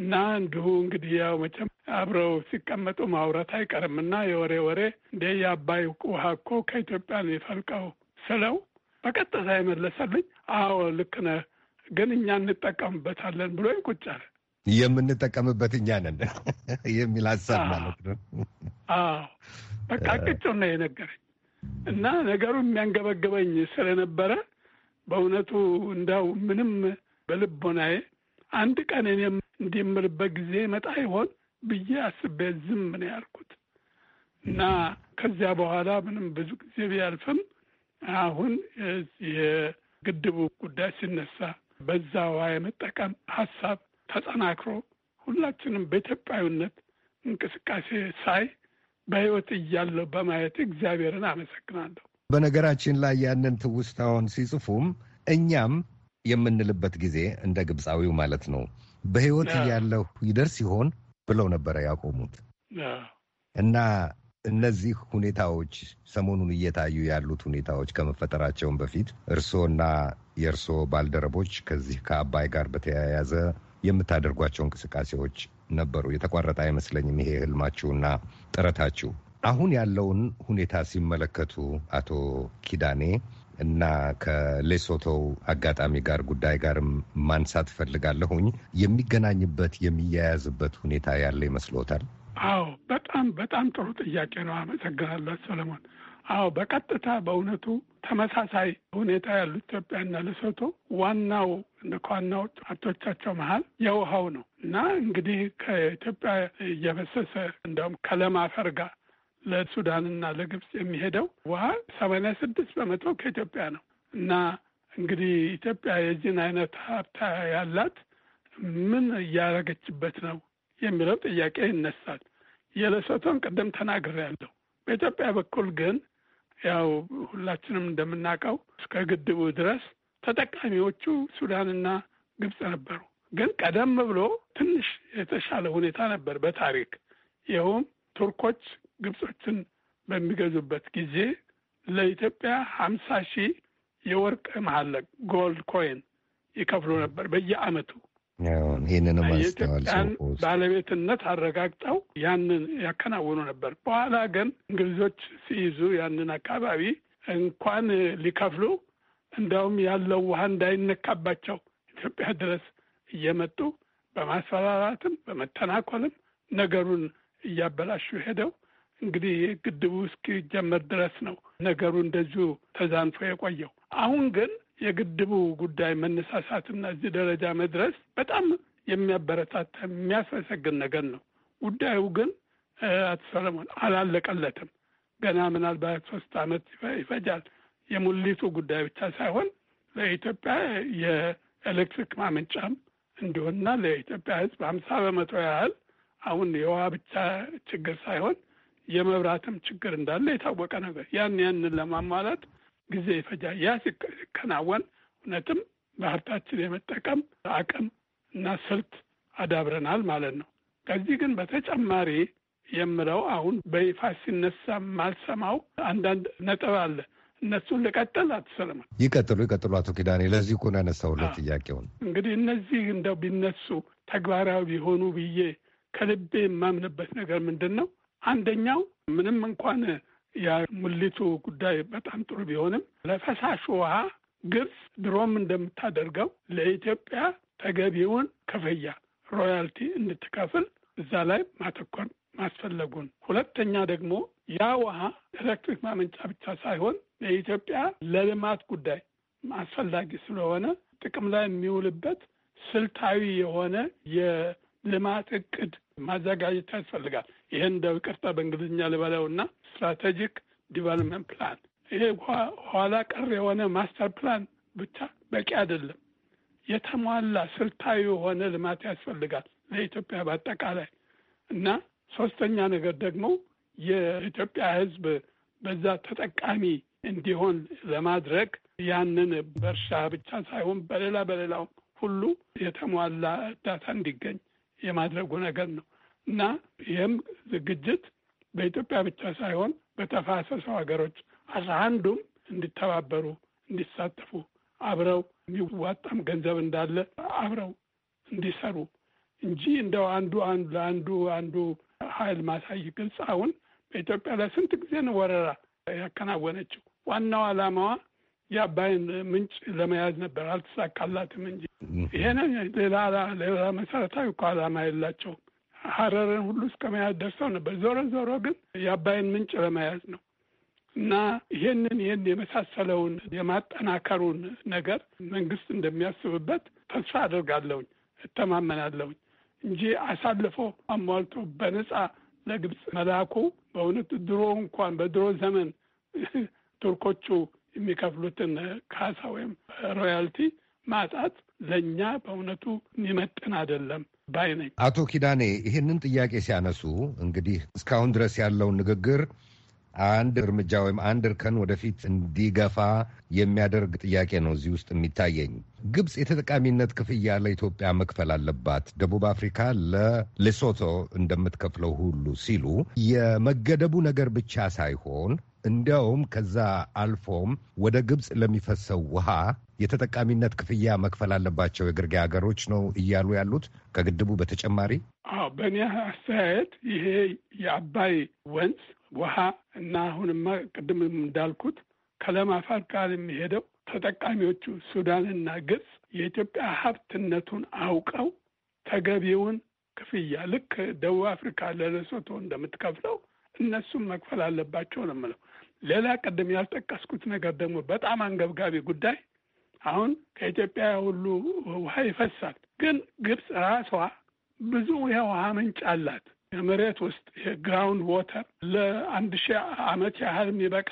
[SPEAKER 3] እና እንዲሁ እንግዲህ ያው መቼም አብረው ሲቀመጡ ማውራት አይቀርም እና የወሬ ወሬ እንደ የአባይ ውሃ እኮ ከኢትዮጵያ ነው የፈልቀው ስለው በቀጥታ የመለሰልኝ አዎ ልክ ነህ፣ ግን እኛ እንጠቀምበታለን ብሎ ይቁጫል።
[SPEAKER 1] የምንጠቀምበት እኛ ነን *laughs* የሚል ሀሳብ ማለት ነው።
[SPEAKER 3] አዎ በቃ ቅጭ ነው የነገረኝ እና ነገሩ የሚያንገበግበኝ ስለነበረ በእውነቱ እንዳው ምንም በልቦናዬ አንድ ቀን እኔም እንዲምልበት ጊዜ መጣ ይሆን ብዬ አስቤ ዝም ምን ያልኩት እና ከዚያ በኋላ ምንም ብዙ ጊዜ ቢያልፍም አሁን የግድቡ ጉዳይ ሲነሳ በዛ ውሃ የመጠቀም ሀሳብ ተጠናክሮ ሁላችንም በኢትዮጵያዊነት እንቅስቃሴ ሳይ በሕይወት እያለሁ በማየት እግዚአብሔርን አመሰግናለሁ።
[SPEAKER 1] በነገራችን ላይ ያንን ትውስታውን ሲጽፉም እኛም የምንልበት ጊዜ እንደ ግብፃዊው ማለት ነው። በሕይወት እያለሁ ይደርስ ይሆን ብለው ነበረ ያቆሙት እና እነዚህ ሁኔታዎች ሰሞኑን እየታዩ ያሉት ሁኔታዎች ከመፈጠራቸውን በፊት እርስዎና የእርስዎ ባልደረቦች ከዚህ ከአባይ ጋር በተያያዘ የምታደርጓቸው እንቅስቃሴዎች ነበሩ። የተቋረጠ አይመስለኝም ይሄ ህልማችሁና ጥረታችሁ። አሁን ያለውን ሁኔታ ሲመለከቱ አቶ ኪዳኔ እና ከሌሶቶው አጋጣሚ ጋር ጉዳይ ጋርም ማንሳት ፈልጋለሁኝ። የሚገናኝበት የሚያያዝበት ሁኔታ ያለ ይመስሎታል?
[SPEAKER 3] አዎ፣ በጣም በጣም ጥሩ ጥያቄ ነው። አመሰግናለሁ ሰለሞን። አዎ፣ በቀጥታ በእውነቱ ተመሳሳይ ሁኔታ ያሉት ኢትዮጵያና ሌሶቶ ዋናው ከዋናው ሀብቶቻቸው መሀል የውሃው ነው እና እንግዲህ ከኢትዮጵያ እየበሰሰ እንደውም ከለም አፈር ጋር ለሱዳንና ለግብጽ የሚሄደው ውሃ ሰማንያ ስድስት በመቶ ከኢትዮጵያ ነው እና እንግዲህ ኢትዮጵያ የዚህን አይነት ሀብታ ያላት ምን እያደረገችበት ነው የሚለው ጥያቄ ይነሳል። የሌሶቶን ቀደም ተናግሬያለሁ። በኢትዮጵያ በኩል ግን ያው ሁላችንም እንደምናውቀው እስከ ግድቡ ድረስ ተጠቃሚዎቹ ሱዳንና ግብጽ ነበሩ። ግን ቀደም ብሎ ትንሽ የተሻለ ሁኔታ ነበር በታሪክ ይኸውም ቱርኮች ግብጾችን በሚገዙበት ጊዜ ለኢትዮጵያ ሀምሳ ሺህ የወርቅ መሀለቅ ጎልድ ኮይን ይከፍሉ ነበር በየአመቱ
[SPEAKER 1] ኢትዮጵያን የኢትዮጵያን
[SPEAKER 3] ባለቤትነት አረጋግጠው ያንን ያከናውኑ ነበር። በኋላ ግን እንግሊዞች ሲይዙ ያንን አካባቢ እንኳን ሊከፍሉ እንዲያውም ያለው ውሃ እንዳይነካባቸው ኢትዮጵያ ድረስ እየመጡ በማስፈራራትም በመተናኮልም ነገሩን እያበላሹ ሄደው እንግዲህ ግድቡ እስኪጀመር ድረስ ነው ነገሩ እንደዚሁ ተዛንፎ የቆየው። አሁን ግን የግድቡ ጉዳይ መነሳሳትና እዚህ ደረጃ መድረስ በጣም የሚያበረታታ የሚያስመሰግን ነገር ነው። ጉዳዩ ግን አቶ ሰለሞን አላለቀለትም። ገና ምናልባት ሶስት ዓመት ይፈጃል። የሙሊቱ ጉዳይ ብቻ ሳይሆን ለኢትዮጵያ የኤሌክትሪክ ማመንጫም እንዲሆንና ለኢትዮጵያ ሕዝብ ሀምሳ በመቶ ያህል አሁን የውሃ ብቻ ችግር ሳይሆን የመብራትም ችግር እንዳለ የታወቀ ነገር ያን ያንን ለማሟላት ጊዜ ይፈጃ። ያ ሲከናወን እውነትም ባህርታችን የመጠቀም አቅም እና ስልት አዳብረናል ማለት ነው። ከዚህ ግን በተጨማሪ የምለው አሁን በይፋ ሲነሳ ማልሰማው አንዳንድ ነጥብ አለ። እነሱን ልቀጥል? አቶ ሰለሞን
[SPEAKER 1] ይቀጥሉ፣ ይቀጥሉ። አቶ ኪዳኔ ለዚህ እኮ ነው ያነሳሁለት ጥያቄውን።
[SPEAKER 3] እንግዲህ እነዚህ እንደው ቢነሱ ተግባራዊ ቢሆኑ ብዬ ከልቤ የማምንበት ነገር ምንድን ነው አንደኛው ምንም እንኳን የሙሊቱ ጉዳይ በጣም ጥሩ ቢሆንም ለፈሳሽ ውሃ ግብጽ ድሮም እንደምታደርገው ለኢትዮጵያ ተገቢውን ክፍያ ሮያልቲ እንድትከፍል እዛ ላይ ማተኮር ማስፈለጉን፣ ሁለተኛ ደግሞ ያ ውሃ ኤሌክትሪክ ማመንጫ ብቻ ሳይሆን ለኢትዮጵያ ለልማት ጉዳይ አስፈላጊ ስለሆነ ጥቅም ላይ የሚውልበት ስልታዊ የሆነ የልማት እቅድ ማዘጋጀት ያስፈልጋል። ይህን እንደው በእንግሊዝኛ ልበለው እና ስትራቴጂክ ዲቨሎፕመንት ፕላን ይሄ ኋላ ቀር የሆነ ማስተር ፕላን ብቻ በቂ አይደለም። የተሟላ ስልታዊ የሆነ ልማት ያስፈልጋል ለኢትዮጵያ በአጠቃላይ እና ሶስተኛ ነገር ደግሞ የኢትዮጵያ ሕዝብ በዛ ተጠቃሚ እንዲሆን ለማድረግ ያንን በእርሻ ብቻ ሳይሆን በሌላ በሌላው ሁሉ የተሟላ እርዳታ እንዲገኝ የማድረጉ ነገር ነው። እና ይህም ዝግጅት በኢትዮጵያ ብቻ ሳይሆን በተፋሰሰው ሀገሮች አስራ አንዱም እንዲተባበሩ እንዲሳተፉ አብረው የሚዋጣም ገንዘብ እንዳለ አብረው እንዲሰሩ እንጂ እንደው አንዱ አንዱ ለአንዱ አንዱ ኃይል ማሳይ ግልጽ አሁን በኢትዮጵያ ላይ ስንት ጊዜ ነው ወረራ ያከናወነችው? ዋናው ዓላማዋ የአባይን ምንጭ ለመያዝ ነበር፣ አልተሳካላትም እንጂ ይሄ ሌላ ሌላ መሰረታዊ እኮ ዓላማ የላቸውም። ሀረርን ሁሉ እስከ መያዝ ደርሰው ነበር። ዞሮ ዞሮ ግን የአባይን ምንጭ ለመያዝ ነው እና ይህንን ይህን የመሳሰለውን የማጠናከሩን ነገር መንግስት እንደሚያስብበት ተስፋ አድርጋለሁኝ፣ እተማመናለሁኝ እንጂ አሳልፎ አሟልቶ በነጻ ለግብፅ መላኩ በእውነት ድሮ እንኳን በድሮ ዘመን *laughs* ቱርኮቹ የሚከፍሉትን ካሳ ወይም ሮያልቲ ማጣት ለእኛ በእውነቱ የሚመጥን አይደለም ባይ ነኝ።
[SPEAKER 1] አቶ ኪዳኔ ይህንን ጥያቄ ሲያነሱ እንግዲህ እስካሁን ድረስ ያለውን ንግግር አንድ እርምጃ ወይም አንድ እርከን ወደፊት እንዲገፋ የሚያደርግ ጥያቄ ነው እዚህ ውስጥ የሚታየኝ። ግብፅ የተጠቃሚነት ክፍያ ለኢትዮጵያ መክፈል አለባት፣ ደቡብ አፍሪካ ለሌሶቶ እንደምትከፍለው ሁሉ ሲሉ የመገደቡ ነገር ብቻ ሳይሆን እንዲያውም ከዛ አልፎም ወደ ግብፅ ለሚፈሰው ውሃ የተጠቃሚነት ክፍያ መክፈል አለባቸው የግርጌ ሀገሮች ነው እያሉ ያሉት ከግድቡ በተጨማሪ።
[SPEAKER 3] አዎ በእኔ አስተያየት ይሄ የአባይ ወንዝ ውሃ እና አሁንማ ቅድም እንዳልኩት ከለም አፋር ቃል የሚሄደው ተጠቃሚዎቹ ሱዳንና ግብፅ የኢትዮጵያ ሀብትነቱን አውቀው ተገቢውን ክፍያ ልክ ደቡብ አፍሪካ ለለሶቶ እንደምትከፍለው እነሱም መክፈል አለባቸው ነው የምለው። ሌላ ቀደም ያልጠቀስኩት ነገር ደግሞ በጣም አንገብጋቢ ጉዳይ አሁን ከኢትዮጵያ ሁሉ ውሃ ይፈሳል፣ ግን ግብፅ ራሷ ብዙ የውሃ ምንጭ አላት። የመሬት ውስጥ የግራውንድ ዎተር ለአንድ ሺህ ዓመት ያህል የሚበቃ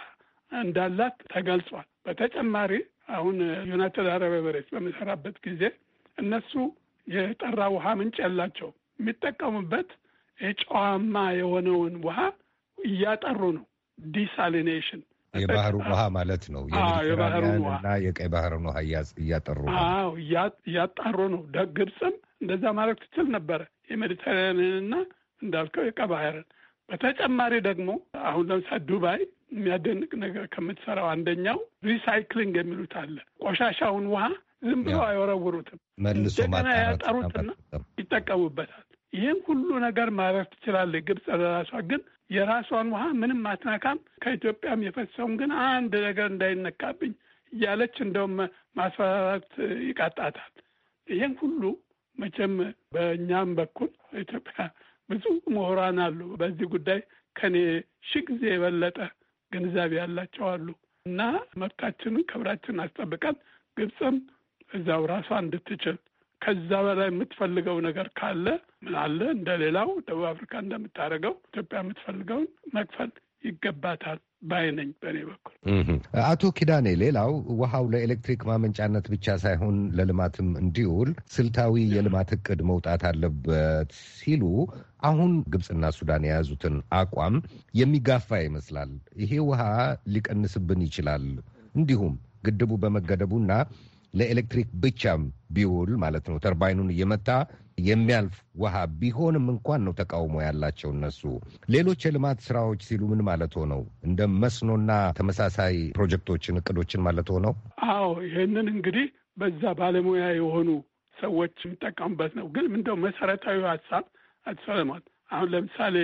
[SPEAKER 3] እንዳላት ተገልጿል። በተጨማሪ አሁን ዩናይትድ አረብ ኤምሬትስ በሚሰራበት ጊዜ እነሱ የጠራ ውሃ ምንጭ ያላቸው የሚጠቀሙበት የጨዋማ የሆነውን ውሃ እያጠሩ ነው። ዲሳሊኔሽን
[SPEAKER 1] የባህሩ ውሃ ማለት ነው። የባህሩና የቀይ ባህርን ውሃ እያጠሩ
[SPEAKER 3] ነው እያጣሩ ነው። ግብፅም እንደዛ ማድረግ ትችል ነበረ። የሜዲተራኒያንንና እንዳልከው የቀይ ባህርን በተጨማሪ ደግሞ አሁን ለምሳሌ ዱባይ የሚያደንቅ ነገር ከምትሰራው አንደኛው ሪሳይክሊንግ የሚሉት አለ። ቆሻሻውን ውሃ ዝም ብሎ አይወረውሩትም፣ እንደገና ያጠሩትና ይጠቀሙበታል። ይህን ሁሉ ነገር ማድረግ ትችላለች ግብፅ ለራሷ ግን የራሷን ውሃ ምንም አትነካም። ከኢትዮጵያም የፈሰውን ግን አንድ ነገር እንዳይነካብኝ እያለች እንደውም ማስፈራራት ይቃጣታል። ይህን ሁሉ መቼም በእኛም በኩል ኢትዮጵያ ብዙ ምሁራን አሉ በዚህ ጉዳይ ከኔ ሺ ጊዜ የበለጠ ግንዛቤ ያላቸው አሉ እና መብታችንን ክብራችንን አስጠብቀን ግብፅም እዛው ራሷ እንድትችል ከዛ በላይ የምትፈልገው ነገር ካለ ምን አለ እንደሌላው ደቡብ አፍሪካ እንደምታደርገው ኢትዮጵያ የምትፈልገውን መክፈል ይገባታል ባይ ነኝ በእኔ በኩል።
[SPEAKER 1] አቶ ኪዳኔ፣ ሌላው ውሃው ለኤሌክትሪክ ማመንጫነት ብቻ ሳይሆን ለልማትም እንዲውል ስልታዊ የልማት እቅድ መውጣት አለበት ሲሉ አሁን ግብፅና ሱዳን የያዙትን አቋም የሚጋፋ ይመስላል። ይሄ ውሃ ሊቀንስብን ይችላል እንዲሁም ግድቡ በመገደቡና ለኤሌክትሪክ ብቻም ቢውል ማለት ነው ተርባይኑን እየመታ የሚያልፍ ውሃ ቢሆንም እንኳን ነው ተቃውሞ ያላቸው እነሱ። ሌሎች የልማት ስራዎች ሲሉ ምን ማለት ሆነው? እንደ መስኖና ተመሳሳይ ፕሮጀክቶችን እቅዶችን ማለት ሆነው?
[SPEAKER 3] አዎ ይህንን እንግዲህ በዛ ባለሙያ የሆኑ ሰዎች የሚጠቀሙበት ነው። ግን እንደው መሰረታዊ ሀሳብ አትሰለማል። አሁን ለምሳሌ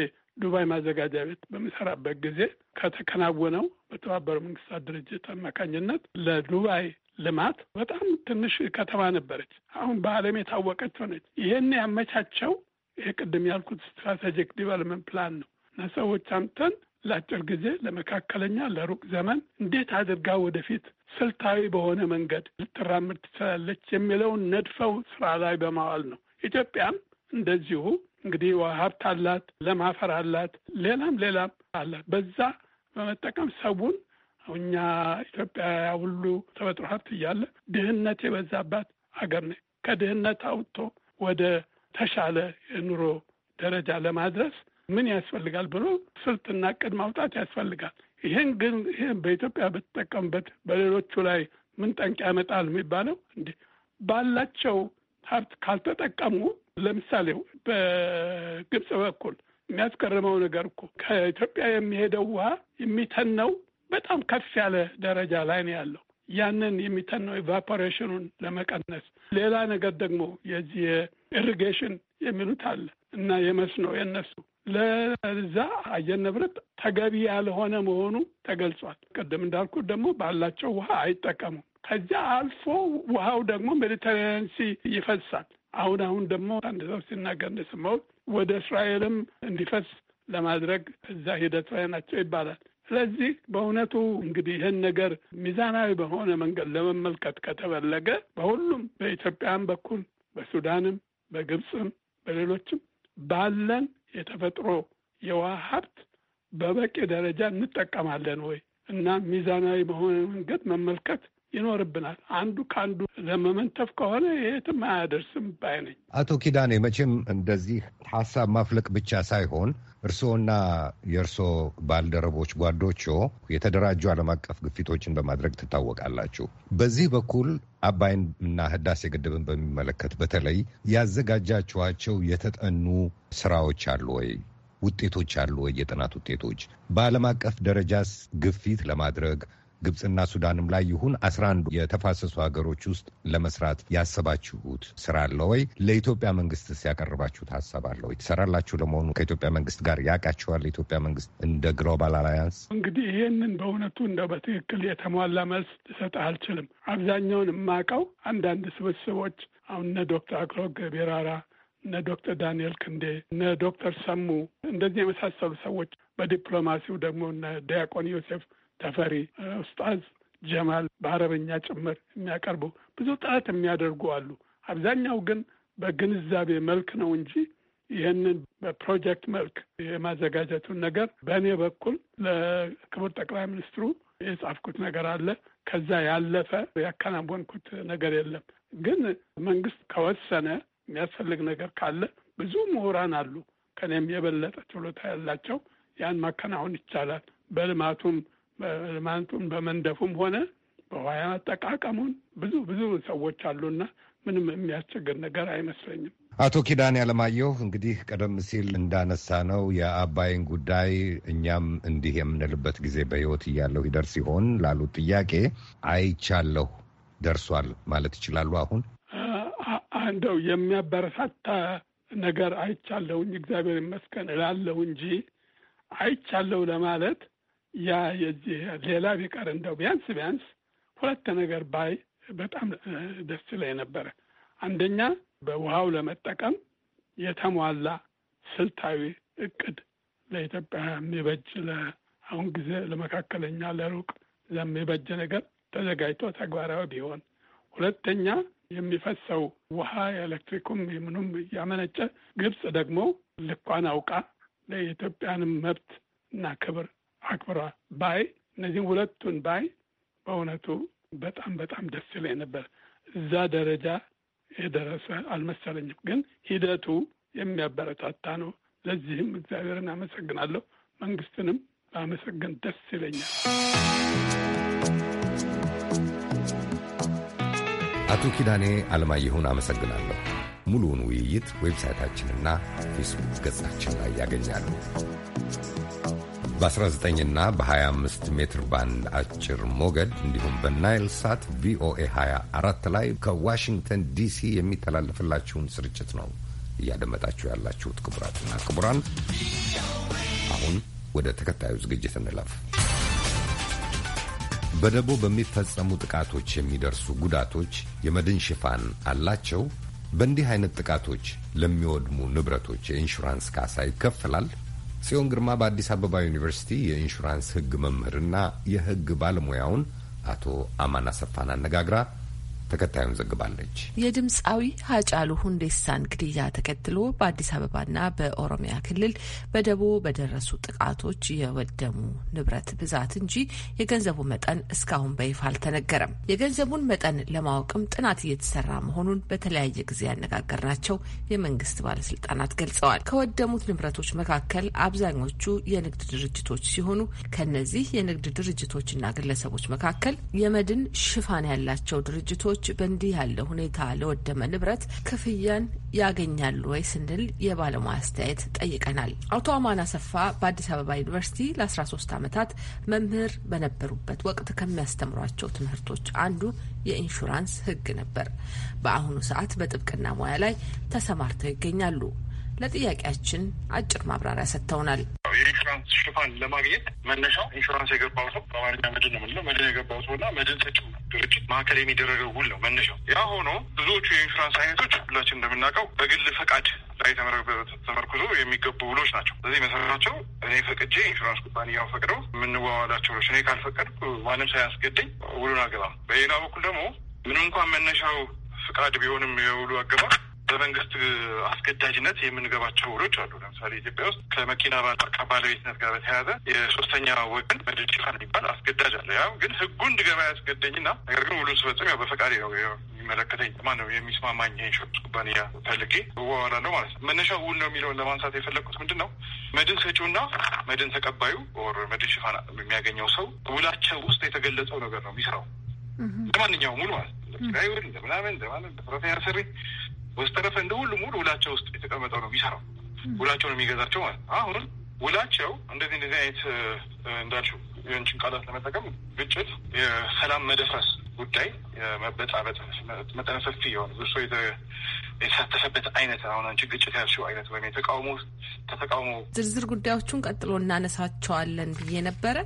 [SPEAKER 3] ዱባይ ማዘጋጃ ቤት በምሰራበት ጊዜ ከተከናወነው በተባበሩ መንግስታት ድርጅት አማካኝነት ለዱባይ ልማት በጣም ትንሽ ከተማ ነበረች። አሁን በዓለም የታወቀች ሆነች። ይህን ያመቻቸው ይሄ ቅድም ያልኩት ስትራቴጂክ ዲቨሎፕመንት ፕላን ነው እና ሰዎች አምተን ለአጭር ጊዜ፣ ለመካከለኛ፣ ለሩቅ ዘመን እንዴት አድርጋ ወደፊት ስልታዊ በሆነ መንገድ ልትራምድ ትችላለች የሚለውን ነድፈው ስራ ላይ በማዋል ነው። ኢትዮጵያም እንደዚሁ እንግዲህ ሀብት አላት፣ ለም አፈር አላት፣ ሌላም ሌላም አላት። በዛ በመጠቀም ሰውን እኛ ኢትዮጵያ ሁሉ ተፈጥሮ ሀብት እያለ ድህነት የበዛባት አገር ነ ከድህነት አውጥቶ ወደ ተሻለ የኑሮ ደረጃ ለማድረስ ምን ያስፈልጋል ብሎ ስልትና ቅድ ማውጣት ያስፈልጋል። ይህን ግን ይህን በኢትዮጵያ በተጠቀምበት በሌሎቹ ላይ ምን ጠንቅ ያመጣል የሚባለው እንደ ባላቸው ሀብት ካልተጠቀሙ፣ ለምሳሌ በግብፅ በኩል የሚያስገርመው ነገር እኮ ከኢትዮጵያ የሚሄደው ውሃ የሚተነው በጣም ከፍ ያለ ደረጃ ላይ ነው ያለው። ያንን የሚተነው ኢቫፖሬሽኑን ለመቀነስ ሌላ ነገር ደግሞ የዚህ ኢሪጌሽን የሚሉት አለ እና የመስኖ የነሱ ለዛ አየር ንብረት ተገቢ ያልሆነ መሆኑ ተገልጿል። ቅድም እንዳልኩ ደግሞ ባላቸው ውሃ አይጠቀሙም። ከዚያ አልፎ ውሃው ደግሞ ሜዲተራኒያን ሲ ይፈሳል። አሁን አሁን ደግሞ አንድ ሰው ሲናገር እንደሰማሁት ወደ እስራኤልም እንዲፈስ ለማድረግ እዛ ሂደት ላይ ናቸው ይባላል። ስለዚህ በእውነቱ እንግዲህ ይህን ነገር ሚዛናዊ በሆነ መንገድ ለመመልከት ከተፈለገ በሁሉም በኢትዮጵያም በኩል በሱዳንም፣ በግብፅም፣ በሌሎችም ባለን የተፈጥሮ የውሃ ሀብት በበቂ ደረጃ እንጠቀማለን ወይ እና ሚዛናዊ በሆነ መንገድ መመልከት ይኖርብናል። አንዱ ከአንዱ ለመመንተፍ ከሆነ የትም አያደርስም ባይ ነኝ።
[SPEAKER 1] አቶ ኪዳኔ መቼም እንደዚህ ሀሳብ ማፍለቅ ብቻ ሳይሆን እርስዎና የእርስዎ ባልደረቦች ጓዶች የተደራጁ ዓለም አቀፍ ግፊቶችን በማድረግ ትታወቃላችሁ። በዚህ በኩል አባይን እና ህዳሴ ግድብን በሚመለከት በተለይ ያዘጋጃችኋቸው የተጠኑ ስራዎች አሉ ወይ? ውጤቶች አሉ ወይ? የጥናት ውጤቶች በዓለም አቀፍ ደረጃስ ግፊት ለማድረግ ግብፅና ሱዳንም ላይ ይሁን አስራ አንዱ የተፋሰሱ ሀገሮች ውስጥ ለመስራት ያሰባችሁት ስራ አለ ወይ? ለኢትዮጵያ መንግስትስ ያቀርባችሁት ሀሳብ አለ ወይ? ትሰራላችሁ? ለመሆኑ ከኢትዮጵያ መንግስት ጋር ያውቃችኋል? ኢትዮጵያ መንግስት እንደ ግሎባል አላያንስ?
[SPEAKER 3] እንግዲህ ይህንን በእውነቱ እንደ በትክክል የተሟላ መልስ ልሰጥ አልችልም። አብዛኛውን የማውቀው አንዳንድ ስብስቦች አሁን እነ ዶክተር አክሎግ ቤራራ እነ ዶክተር ዳንኤል ክንዴ እነ ዶክተር ሰሙ እንደዚህ የመሳሰሉ ሰዎች በዲፕሎማሲው ደግሞ እነ ዲያቆን ዮሴፍ ተፈሪ፣ ኡስታዝ ጀማል በአረበኛ ጭምር የሚያቀርቡ ብዙ ጥረት የሚያደርጉ አሉ። አብዛኛው ግን በግንዛቤ መልክ ነው እንጂ ይህንን በፕሮጀክት መልክ የማዘጋጀቱን ነገር በእኔ በኩል ለክቡር ጠቅላይ ሚኒስትሩ የጻፍኩት ነገር አለ። ከዛ ያለፈ ያከናወንኩት ነገር የለም። ግን መንግስት ከወሰነ የሚያስፈልግ ነገር ካለ ብዙ ምሁራን አሉ፣ ከኔም የበለጠ ችሎታ ያላቸው ያን ማከናወን ይቻላል። በልማቱም ማለቱን በመንደፉም ሆነ በውሃ አጠቃቀሙን ብዙ ብዙ ሰዎች አሉና ምንም የሚያስቸግር ነገር አይመስለኝም።
[SPEAKER 1] አቶ ኪዳን ያለማየሁ እንግዲህ ቀደም ሲል እንዳነሳ ነው የአባይን ጉዳይ እኛም እንዲህ የምንልበት ጊዜ በሕይወት እያለሁ ይደርስ ሲሆን ላሉት ጥያቄ አይቻለሁ ደርሷል ማለት ይችላሉ። አሁን
[SPEAKER 3] እንደው የሚያበረታታ ነገር አይቻለሁኝ እግዚአብሔር ይመስገን እላለሁ እንጂ አይቻለሁ ለማለት ያ የዚህ ሌላ ቢቀር እንደው ቢያንስ ቢያንስ ሁለት ነገር ባይ በጣም ደስ ላይ ነበረ። አንደኛ በውሃው ለመጠቀም የተሟላ ስልታዊ እቅድ ለኢትዮጵያ የሚበጅ ለአሁን ጊዜ ለመካከለኛ፣ ለሩቅ ለሚበጅ ነገር ተዘጋጅቶ ተግባራዊ ቢሆን፣ ሁለተኛ የሚፈሰው ውሃ የኤሌክትሪኩም ምኑም እያመነጨ ግብፅ ደግሞ ልኳን አውቃ ለኢትዮጵያንም መብት እና ክብር አክብሯል ባይ እነዚህም ሁለቱን ባይ በእውነቱ በጣም በጣም ደስ ይለኝ ነበር። እዛ ደረጃ የደረሰ አልመሰለኝም፣ ግን ሂደቱ የሚያበረታታ ነው። ለዚህም እግዚአብሔርን አመሰግናለሁ። መንግስትንም አመሰግን ደስ ይለኛል።
[SPEAKER 1] አቶ ኪዳኔ አለማየሁን አመሰግናለሁ። ሙሉውን ውይይት ዌብሳይታችንና ፌስቡክ ገጻችን ላይ ያገኛሉ። በ19 እና በ25 ሜትር ባንድ አጭር ሞገድ እንዲሁም በናይል ሳት ቪኦኤ 24 ላይ ከዋሽንግተን ዲሲ የሚተላለፍላችሁን ስርጭት ነው እያደመጣችሁ ያላችሁት። ክቡራትና ክቡራን፣ አሁን ወደ ተከታዩ ዝግጅት እንለፍ። በደቦ በሚፈጸሙ ጥቃቶች የሚደርሱ ጉዳቶች የመድን ሽፋን አላቸው? በእንዲህ አይነት ጥቃቶች ለሚወድሙ ንብረቶች የኢንሹራንስ ካሳ ይከፈላል? ጽዮን ግርማ በአዲስ አበባ ዩኒቨርሲቲ የኢንሹራንስ ሕግ መምህርና የሕግ ባለሙያውን አቶ አማን አሰፋን አነጋግራ ተከታዩን ዘግባለች።
[SPEAKER 8] የድምፃዊ ሀጫሉ ሁንዴሳን ግድያ ተከትሎ በአዲስ አበባና በኦሮሚያ ክልል በደቦ በደረሱ ጥቃቶች የወደሙ ንብረት ብዛት እንጂ የገንዘቡ መጠን እስካሁን በይፋ አልተነገረም። የገንዘቡን መጠን ለማወቅም ጥናት እየተሰራ መሆኑን በተለያየ ጊዜ ያነጋገርናቸው የመንግስት ባለስልጣናት ገልጸዋል። ከወደሙት ንብረቶች መካከል አብዛኞቹ የንግድ ድርጅቶች ሲሆኑ ከነዚህ የንግድ ድርጅቶችና ግለሰቦች መካከል የመድን ሽፋን ያላቸው ድርጅቶች ሰዎች በእንዲህ ያለ ሁኔታ ለወደመ ንብረት ክፍያን ያገኛሉ ወይ ስንል የባለሙያ አስተያየት ጠይቀናል። አቶ አማን አሰፋ በአዲስ አበባ ዩኒቨርሲቲ ለ13 ዓመታት መምህር በነበሩበት ወቅት ከሚያስተምሯቸው ትምህርቶች አንዱ የኢንሹራንስ ሕግ ነበር። በአሁኑ ሰዓት በጥብቅና ሙያ ላይ ተሰማርተው ይገኛሉ። ለጥያቄያችን አጭር ማብራሪያ ሰጥተውናል።
[SPEAKER 7] የኢንሹራንስ ሽፋን ለማግኘት መነሻው ኢንሹራንስ የገባው ሰው በአማርኛ መድን ነው መድን የገባው ሰው እና መድን ሰጪው ድርጅት መካከል የሚደረገው ውል ነው መነሻው። ያ ሆኖ ብዙዎቹ የኢንሹራንስ አይነቶች ሁላችን እንደምናውቀው በግል ፈቃድ ላይ ተመርኩዞ የሚገቡ ውሎች ናቸው። ስለዚህ መሰረታቸው እኔ ፈቅጄ ኢንሹራንስ ኩባንያው ፈቅደው የምንዋዋላቸው ውሎች፣ እኔ ካልፈቀድኩ ማንም ሳያስገድኝ ውሉን አገባም። በሌላ በኩል ደግሞ ምንም እንኳን መነሻው ፍቃድ ቢሆንም የውሉ አገባ በመንግስት አስገዳጅነት የምንገባቸው ውሎች አሉ። ለምሳሌ ኢትዮጵያ ውስጥ ከመኪና ባለቤትነት ጋር በተያያዘ የሶስተኛ ወገን መድን ሽፋን የሚባል አስገዳጅ አለ። ያው ግን ህጉ እንድገባ ያስገደኝና ነገር ግን ውሉን ስፈጽም ያው በፈቃዴ ነው የሚመለከተኝ ማን ነው የሚስማማኝ ኢንሹራንስ ኩባንያ ፈልጌ ነው ማለት ነው። መነሻ ውል ነው የሚለውን ለማንሳት የፈለግኩት ምንድን ነው መድን ሰጪውና መድን ተቀባዩ ኦር መድን ሽፋን የሚያገኘው ሰው ውላቸው ውስጥ የተገለጸው ነገር ነው የሚሰራው ለማንኛውም ሙሉ ማለት ለጋይውል ለምናምን ለማለት ለሰራተኛ ሰሪ በስተረፈ እንደ ሁሉም ሙሉ ውላቸው ውስጥ የተቀመጠው ነው የሚሰራው ውላቸው ነው የሚገዛቸው ማለት ነው። አሁን ውላቸው እንደዚህ እንደዚህ አይነት እንዳልሽው የንችን ቃላት ለመጠቀም ግጭት፣ የሰላም መደፍረስ ጉዳይ መበጣበጥ መጠነ ሰፊ የሆነ ብሶ የተሳተፈበት አይነት አሁን አንቺ ግጭት ያልሽው አይነት ወይም የተቃውሞ ተተቃውሞ ዝርዝር
[SPEAKER 8] ጉዳዮቹን ቀጥሎ እናነሳቸዋለን ብዬ ነበረ።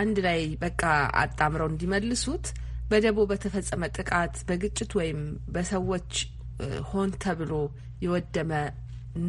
[SPEAKER 8] አንድ ላይ በቃ አጣምረው እንዲመልሱት በደቦ በተፈጸመ ጥቃት በግጭት ወይም በሰዎች ሆን ተብሎ የወደመ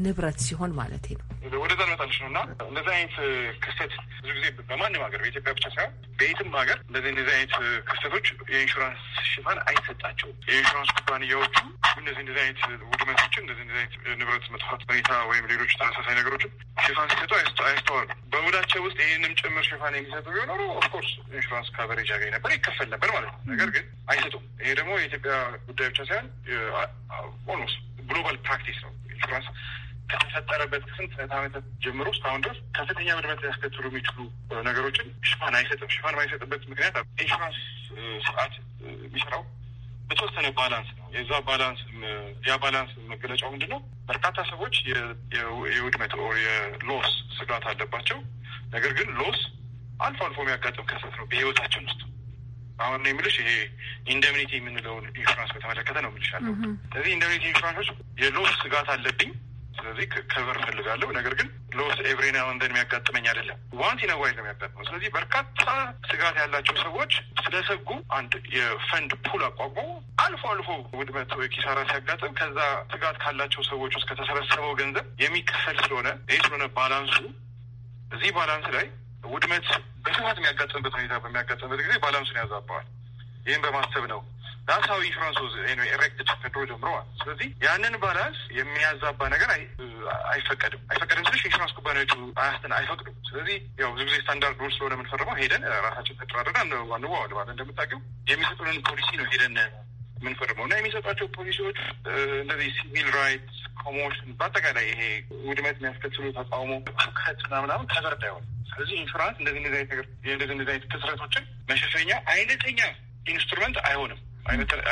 [SPEAKER 8] ንብረት ሲሆን ማለት ነው።
[SPEAKER 7] ወደዛ እንመጣለች ነው እና እንደዚህ አይነት ክስተት ብዙ ጊዜ በማንም ሀገር በኢትዮጵያ ብቻ ሳይሆን በየትም ሀገር እንደዚህ እንደዚህ አይነት ክስተቶች የኢንሹራንስ ሽፋን አይሰጣቸውም። የኢንሹራንስ ኩባንያዎቹ እነዚህ እንደዚህ አይነት ውድመቶችን እንደዚህ እንደዚህ አይነት ንብረት መጥፋት ሁኔታ ወይም ሌሎች ተመሳሳይ ነገሮችን ሽፋን ሲሰጡ አይስተዋሉ። በውዳቸው ውስጥ ይህንም ጭምር ሽፋን የሚሰጡ ቢሆኖሩ ኦፍኮርስ ኢንሹራንስ ካቨሬጅ ያገኝ ነበር፣ ይከፈል ነበር ማለት ነው። ነገር ግን አይሰጡም። ይሄ ደግሞ የኢትዮጵያ ጉዳይ ብቻ ሳይሆን ኦልሞስት ግሎባል ፕራክቲስ ነው። ግጭት ራሱ ከተፈጠረበት ከስንት ዓመታት ጀምሮ እስካሁን ድረስ ከፍተኛ ውድመት ሊያስከትሉ የሚችሉ ነገሮችን ሽፋን አይሰጥም። ሽፋን ማይሰጥበት ምክንያት ኢንሹራንስ ስርዓት የሚሰራው በተወሰነ ባላንስ ነው። የዛ ባላንስ ያ ባላንስ መገለጫው ምንድን ነው? በርካታ ሰዎች የውድመት ኦር የሎስ ስጋት አለባቸው። ነገር ግን ሎስ አልፎ አልፎ የሚያጋጥም ከሰት ነው በህይወታችን ውስጥ አሁን ነው የሚልሽ ይሄ ኢንደሚኒቲ የምንለውን ኢንሹራንስ በተመለከተ ነው የምልሻለሁ። ስለዚህ ኢንደሚኒቲ ኢንሹራንሶች የሎስ ስጋት አለብኝ ስለዚህ ከበር ፈልጋለሁ። ነገር ግን ሎስ ኤቭሪ ናው ኤንድ የሚያጋጥመኝ አይደለም፣ ዋንስ ኢን ዋይል ነው የሚያጋጥመው። ስለዚህ በርካታ ስጋት ያላቸው ሰዎች ስለሰጉ አንድ የፈንድ ፑል አቋቁሞ አልፎ አልፎ ውድመት ወይ ኪሳራ ሲያጋጥም ከዛ ስጋት ካላቸው ሰዎች ውስጥ ከተሰበሰበው ገንዘብ የሚከፈል ስለሆነ ይህ ስለሆነ ባላንሱ እዚህ ባላንስ ላይ ውድመት በስፋት የሚያጋጥምበት ሁኔታ በሚያጋጥምበት ጊዜ ባላንሱን ያዛባዋል። ይህን በማሰብ ነው ዳሳዊ ኢንሹራንስ ኤሬክትድ ከድሮ ጀምረዋል። ስለዚህ ያንን ባላንስ የሚያዛባ ነገር አይፈቀድም። አይፈቀድም ስልሽ ኢንሹራንስ ኩባንያዎቹ አያትን አይፈቅዱም። ስለዚህ ያው ብዙ ጊዜ ስታንዳርድ ሩል ስለሆነ የምንፈርመው ሄደን ራሳችን ተደራደር አንዋዋል ማለት እንደምታውቂው የሚሰጡንን ፖሊሲ ነው ሄደን የምንፈርመው እና የሚሰጧቸው ፖሊሲዎች እንደዚህ ሲቪል ራይትስ ኮሞሽን፣ በአጠቃላይ ይሄ ውድመት የሚያስከትሉ ተቃውሞ ከጽና ምናምናምን ከበርዳ ይሆን ስለዚህ ኢንሹራንስ እንደዚህ እንደዚህ አይነት ክስረቶችን መሸፈኛ አይነተኛ ኢንስትሩመንት አይሆንም፣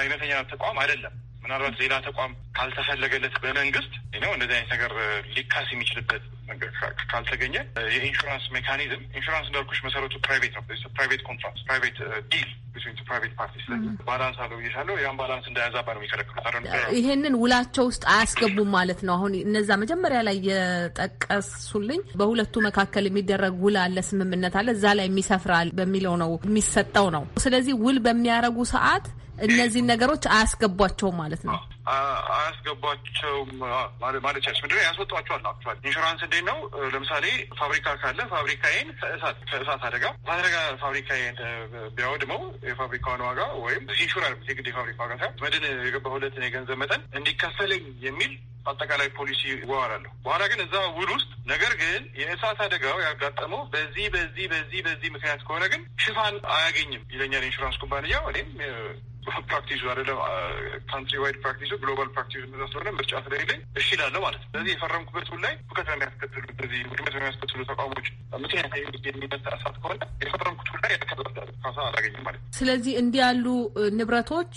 [SPEAKER 7] አይነተኛ ተቋም አይደለም። ምናልባት ሌላ ተቋም ካልተፈለገለት በመንግስት ነው እንደዚህ አይነት ነገር ሊካስ የሚችልበት ነገር ካልተገኘ የኢንሹራንስ ሜካኒዝም ኢንሹራንስ እንዳልኩሽ መሰረቱ ፕራይቬት ነው። ፕራይቬት ኮንትራክት፣ ፕራይቬት ዲል ቢትዊን ፕራይቬት ፓርቲ። ስለዚህ ባላንስ አለው ይሻለው ያን ባላንስ እንዳያዛባ ነው የሚከለክሉት።
[SPEAKER 8] ይህንን ውላቸው ውስጥ አያስገቡም ማለት ነው። አሁን እነዛ መጀመሪያ ላይ የጠቀሱልኝ በሁለቱ መካከል የሚደረግ ውል አለ፣ ስምምነት አለ፣ እዛ ላይ የሚሰፍራል በሚለው ነው የሚሰጠው ነው። ስለዚህ ውል በሚያረጉ ሰዓት እነዚህን ነገሮች አያስገቧቸውም ማለት ነው።
[SPEAKER 7] አያስገቧቸውም ማለት ምድ ምንድን ያስወጧቸዋል። አክቹዋሊ ኢንሹራንስ እንዴት ነው? ለምሳሌ ፋብሪካ ካለ ፋብሪካዬን ከእሳት አደጋ እሳት አደጋ ፋብሪካዬን ቢያወድመው የፋብሪካውን ዋጋ ወይም ኢንሹራንስ የግድ የፋብሪካ ዋጋ ሳይሆን መድን የገባሁለትን የገንዘብ መጠን እንዲከፈልኝ የሚል አጠቃላይ ፖሊሲ እዋዋላለሁ። በኋላ ግን እዛ ውል ውስጥ ነገር ግን የእሳት አደጋው ያጋጠመው በዚህ በዚህ በዚህ በዚህ ምክንያት ከሆነ ግን ሽፋን አያገኝም ይለኛል ኢንሹራንስ ኩባንያው። እኔም ፕራክቲሱ አይደለም ካንትሪ ዋይድ ፕራክቲሱ ግሎባል ፕራክቲሱ እንደዛ ስለሆነ ምርጫ ስለሌለኝ እሺ እላለሁ ማለት ነው። ስለዚህ የፈረምኩበት ሁሉ ላይ ሁከት በሚያስከትሉ በዚህ ውድመት በሚያስከትሉ ተቋሞች ምክንያት የሚመጣ እሳት ከሆነ የፈረምኩት ሁሉ ላይ ያከበርዳል ካሳ አላገኝም
[SPEAKER 8] ማለት ነው። ስለዚህ እንዲህ ያሉ ንብረቶች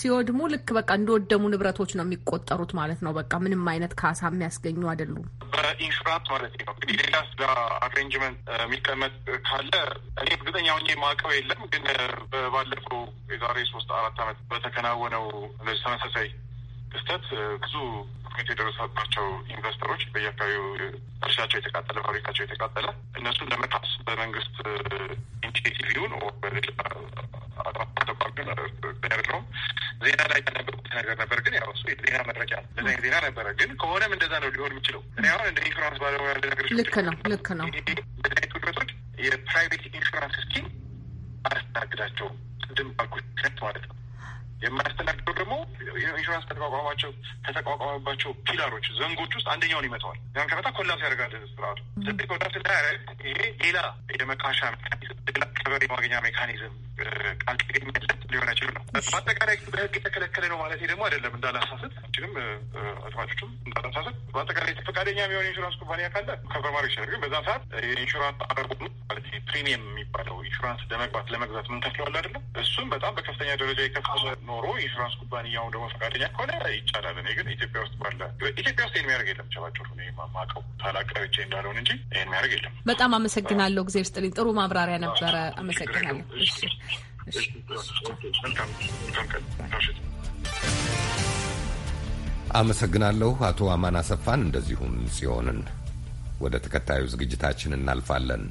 [SPEAKER 8] ሲወድሙ ልክ በቃ እንደወደሙ ንብረቶች ነው የሚቆጠሩት ማለት ነው። በቃ ምንም አይነት ካሳ የሚያስገኙ አይደሉም።
[SPEAKER 7] በኢንሹራንስ ማለት ነው እንግዲህ ሌላ ስጋ አሬንጅመንት የሚቀመጥ ካለ እኔ እርግጠኛ ሆኜ ማዕቀብ የለም ግን ባለፈው የዛሬ ሶስት አራት ዓመት በተከናወነው ተመሳሳይ ክስተት ብዙ ምክንያት የደረሰባቸው ኢንቨስተሮች በየአካባቢው እርሻቸው የተቃጠለ፣ ፋብሪካቸው የተቃጠለ እነሱን ለመካስ በመንግስት ኢኒሽቲቪውን ዜና ላይ ነገር ነበር። ግን ያው እሱ የዜና ዜና ነበረ። ግን ከሆነም እንደዛ ነው ሊሆን የሚችለው። እኔ አሁን እንደ ኢንሹራንስ
[SPEAKER 8] ባለሙያ ያለ ልክ ነው ልክ ነው። እንደዚህ
[SPEAKER 7] የፕራይቬት ኢንሹራንስ ስኪም አያስተናግዳቸውም። ድምፅ አልኩት ማለት ነው የማያስተናግደው ደግሞ ኢንሹራንስ ከተቋቋማቸው ከተቋቋመባቸው ፒላሮች ዘንጎች ውስጥ አንደኛውን ይመተዋል። ያን ከመጣ ኮላፕስ ያደርጋል ስርዓቱ። ስለዚህ ኮላፕስ እንዳያደርግ ይሄ ሌላ የመካሻ ሜካኒዝም፣ ሌላ ከበሬ የማግኛ ሜካኒዝም ቃል ቀኝ መለት ሊሆን አይችልም ነው። በአጠቃላይ በህግ የተከለከለ ነው ማለት ደግሞ አይደለም እንዳላሳስት ችንም አድማጮችም እንዳላሳስት በአጠቃላይ ፈቃደኛ የሚሆን ኢንሹራንስ ኩባንያ ካለ ከበር ይችላል። ግን በዛ ሰዓት የኢንሹራንስ አቅርቦቱ ማለት ፕሪሚየም የሚባለው ኢንሹራንስ ለመግባት ለመግዛት ምንከፍለዋል አይደለም እሱም በጣም በከፍተኛ ደረጃ የከፈለ ነው ኖሮ ኢንሹራንስ ኩባንያው ደግሞ ፈቃደኛ ከሆነ ይቻላል። እኔ ግን ኢትዮጵያ ውስጥ ባለ ኢትዮጵያ ውስጥ ይህን የሚያደርግ የለም። ቸባቸው ማቀው ታላቃዮች እንዳለውን እንጂ ይህን የሚያደርግ የለም።
[SPEAKER 8] በጣም አመሰግናለሁ። ጊዜ ውስጥልኝ ጥሩ ማብራሪያ ነበረ። አመሰግናለሁ።
[SPEAKER 1] አመሰግናለሁ አቶ አማን አሰፋን እንደዚሁም ጽዮንን። ወደ ተከታዩ ዝግጅታችን እናልፋለን።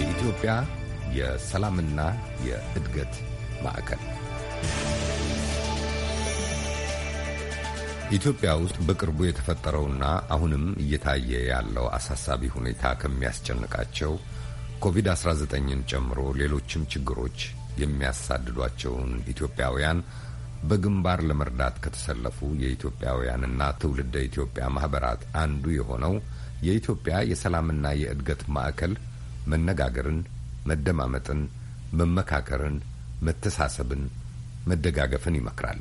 [SPEAKER 1] የኢትዮጵያ የሰላምና የእድገት ማዕከል ኢትዮጵያ ውስጥ በቅርቡ የተፈጠረውና አሁንም እየታየ ያለው አሳሳቢ ሁኔታ ከሚያስጨንቃቸው ኮቪድ-19ን ጨምሮ ሌሎችም ችግሮች የሚያሳድዷቸውን ኢትዮጵያውያን በግንባር ለመርዳት ከተሰለፉ የኢትዮጵያውያንና ትውልደ ኢትዮጵያ ማኅበራት አንዱ የሆነው የኢትዮጵያ የሰላምና የእድገት ማዕከል መነጋገርን፣ መደማመጥን፣ መመካከርን መተሳሰብን፣ መደጋገፍን ይመክራል።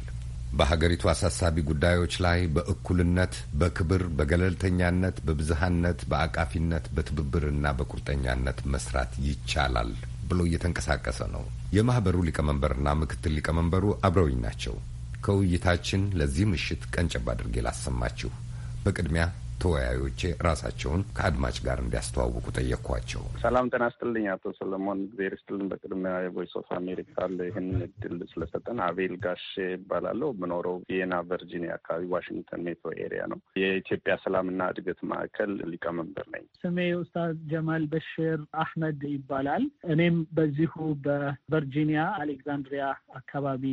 [SPEAKER 1] በሀገሪቱ አሳሳቢ ጉዳዮች ላይ በእኩልነት፣ በክብር፣ በገለልተኛነት፣ በብዝሃነት፣ በአቃፊነት፣ በትብብርና በቁርጠኛነት መስራት ይቻላል ብሎ እየተንቀሳቀሰ ነው። የማኅበሩ ሊቀመንበርና ምክትል ሊቀመንበሩ አብረውኝ ናቸው። ከውይይታችን ለዚህ ምሽት ቀንጨብ አድርጌ ላሰማችሁ። በቅድሚያ ተወያዮቼ ራሳቸውን ከአድማጭ ጋር እንዲያስተዋውቁ ጠየቅኳቸው።
[SPEAKER 5] ሰላም ጤና ይስጥልኝ አቶ ሰለሞን ዜር ይስጥልን። በቅድሚያ የቮይስ ኦፍ አሜሪካ ይህን እድል ስለሰጠን አቤል ጋሼ ይባላለሁ። የምኖረው ቪየና ቨርጂኒያ አካባቢ ዋሽንግተን ሜትሮ ኤሪያ ነው። የኢትዮጵያ ሰላምና እድገት ማዕከል ሊቀመንበር ነኝ።
[SPEAKER 6] ስሜ ኡስታዝ ጀማል በሽር አህመድ ይባላል። እኔም በዚሁ በቨርጂኒያ አሌክዛንድሪያ አካባቢ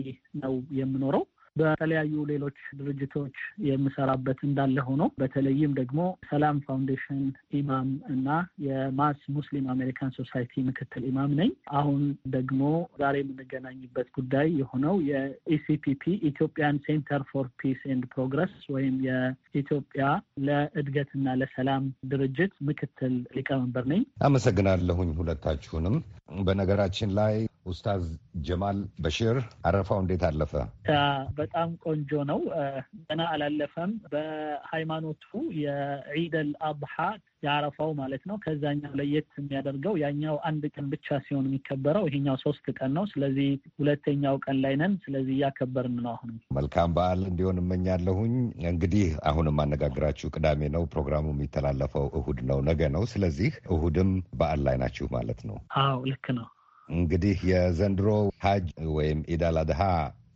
[SPEAKER 6] ነው የምኖረው። በተለያዩ ሌሎች ድርጅቶች የምሰራበት እንዳለ ሆኖ በተለይም ደግሞ ሰላም ፋውንዴሽን ኢማም እና የማስ ሙስሊም አሜሪካን ሶሳይቲ ምክትል ኢማም ነኝ። አሁን ደግሞ ዛሬ የምንገናኝበት ጉዳይ የሆነው የኢሲፒፒ ኢትዮጵያን ሴንተር ፎር ፒስ ኤንድ ፕሮግረስ ወይም የኢትዮጵያ ለእድገትና ለሰላም ድርጅት ምክትል ሊቀመንበር ነኝ።
[SPEAKER 1] አመሰግናለሁኝ ሁለታችሁንም። በነገራችን ላይ ኡስታዝ ጀማል በሽር አረፋው እንዴት አለፈ?
[SPEAKER 6] በጣም ቆንጆ ነው። ገና አላለፈም። በሃይማኖቱ የዒደል አብሓ የአረፋው ማለት ነው። ከዛኛው ለየት የሚያደርገው ያኛው አንድ ቀን ብቻ ሲሆን የሚከበረው ይሄኛው ሶስት ቀን ነው። ስለዚህ ሁለተኛው ቀን ላይ ነን። ስለዚህ እያከበርን ነው። አሁንም
[SPEAKER 1] መልካም በዓል እንዲሆን እመኛለሁኝ። እንግዲህ አሁን የማነጋግራችሁ ቅዳሜ ነው። ፕሮግራሙ የሚተላለፈው እሁድ ነው፣ ነገ ነው። ስለዚህ እሁድም በዓል ላይ ናችሁ ማለት ነው።
[SPEAKER 6] አዎ ልክ ነው።
[SPEAKER 1] እንግዲህ የዘንድሮ ሀጅ ወይም ኢዳል አድሃ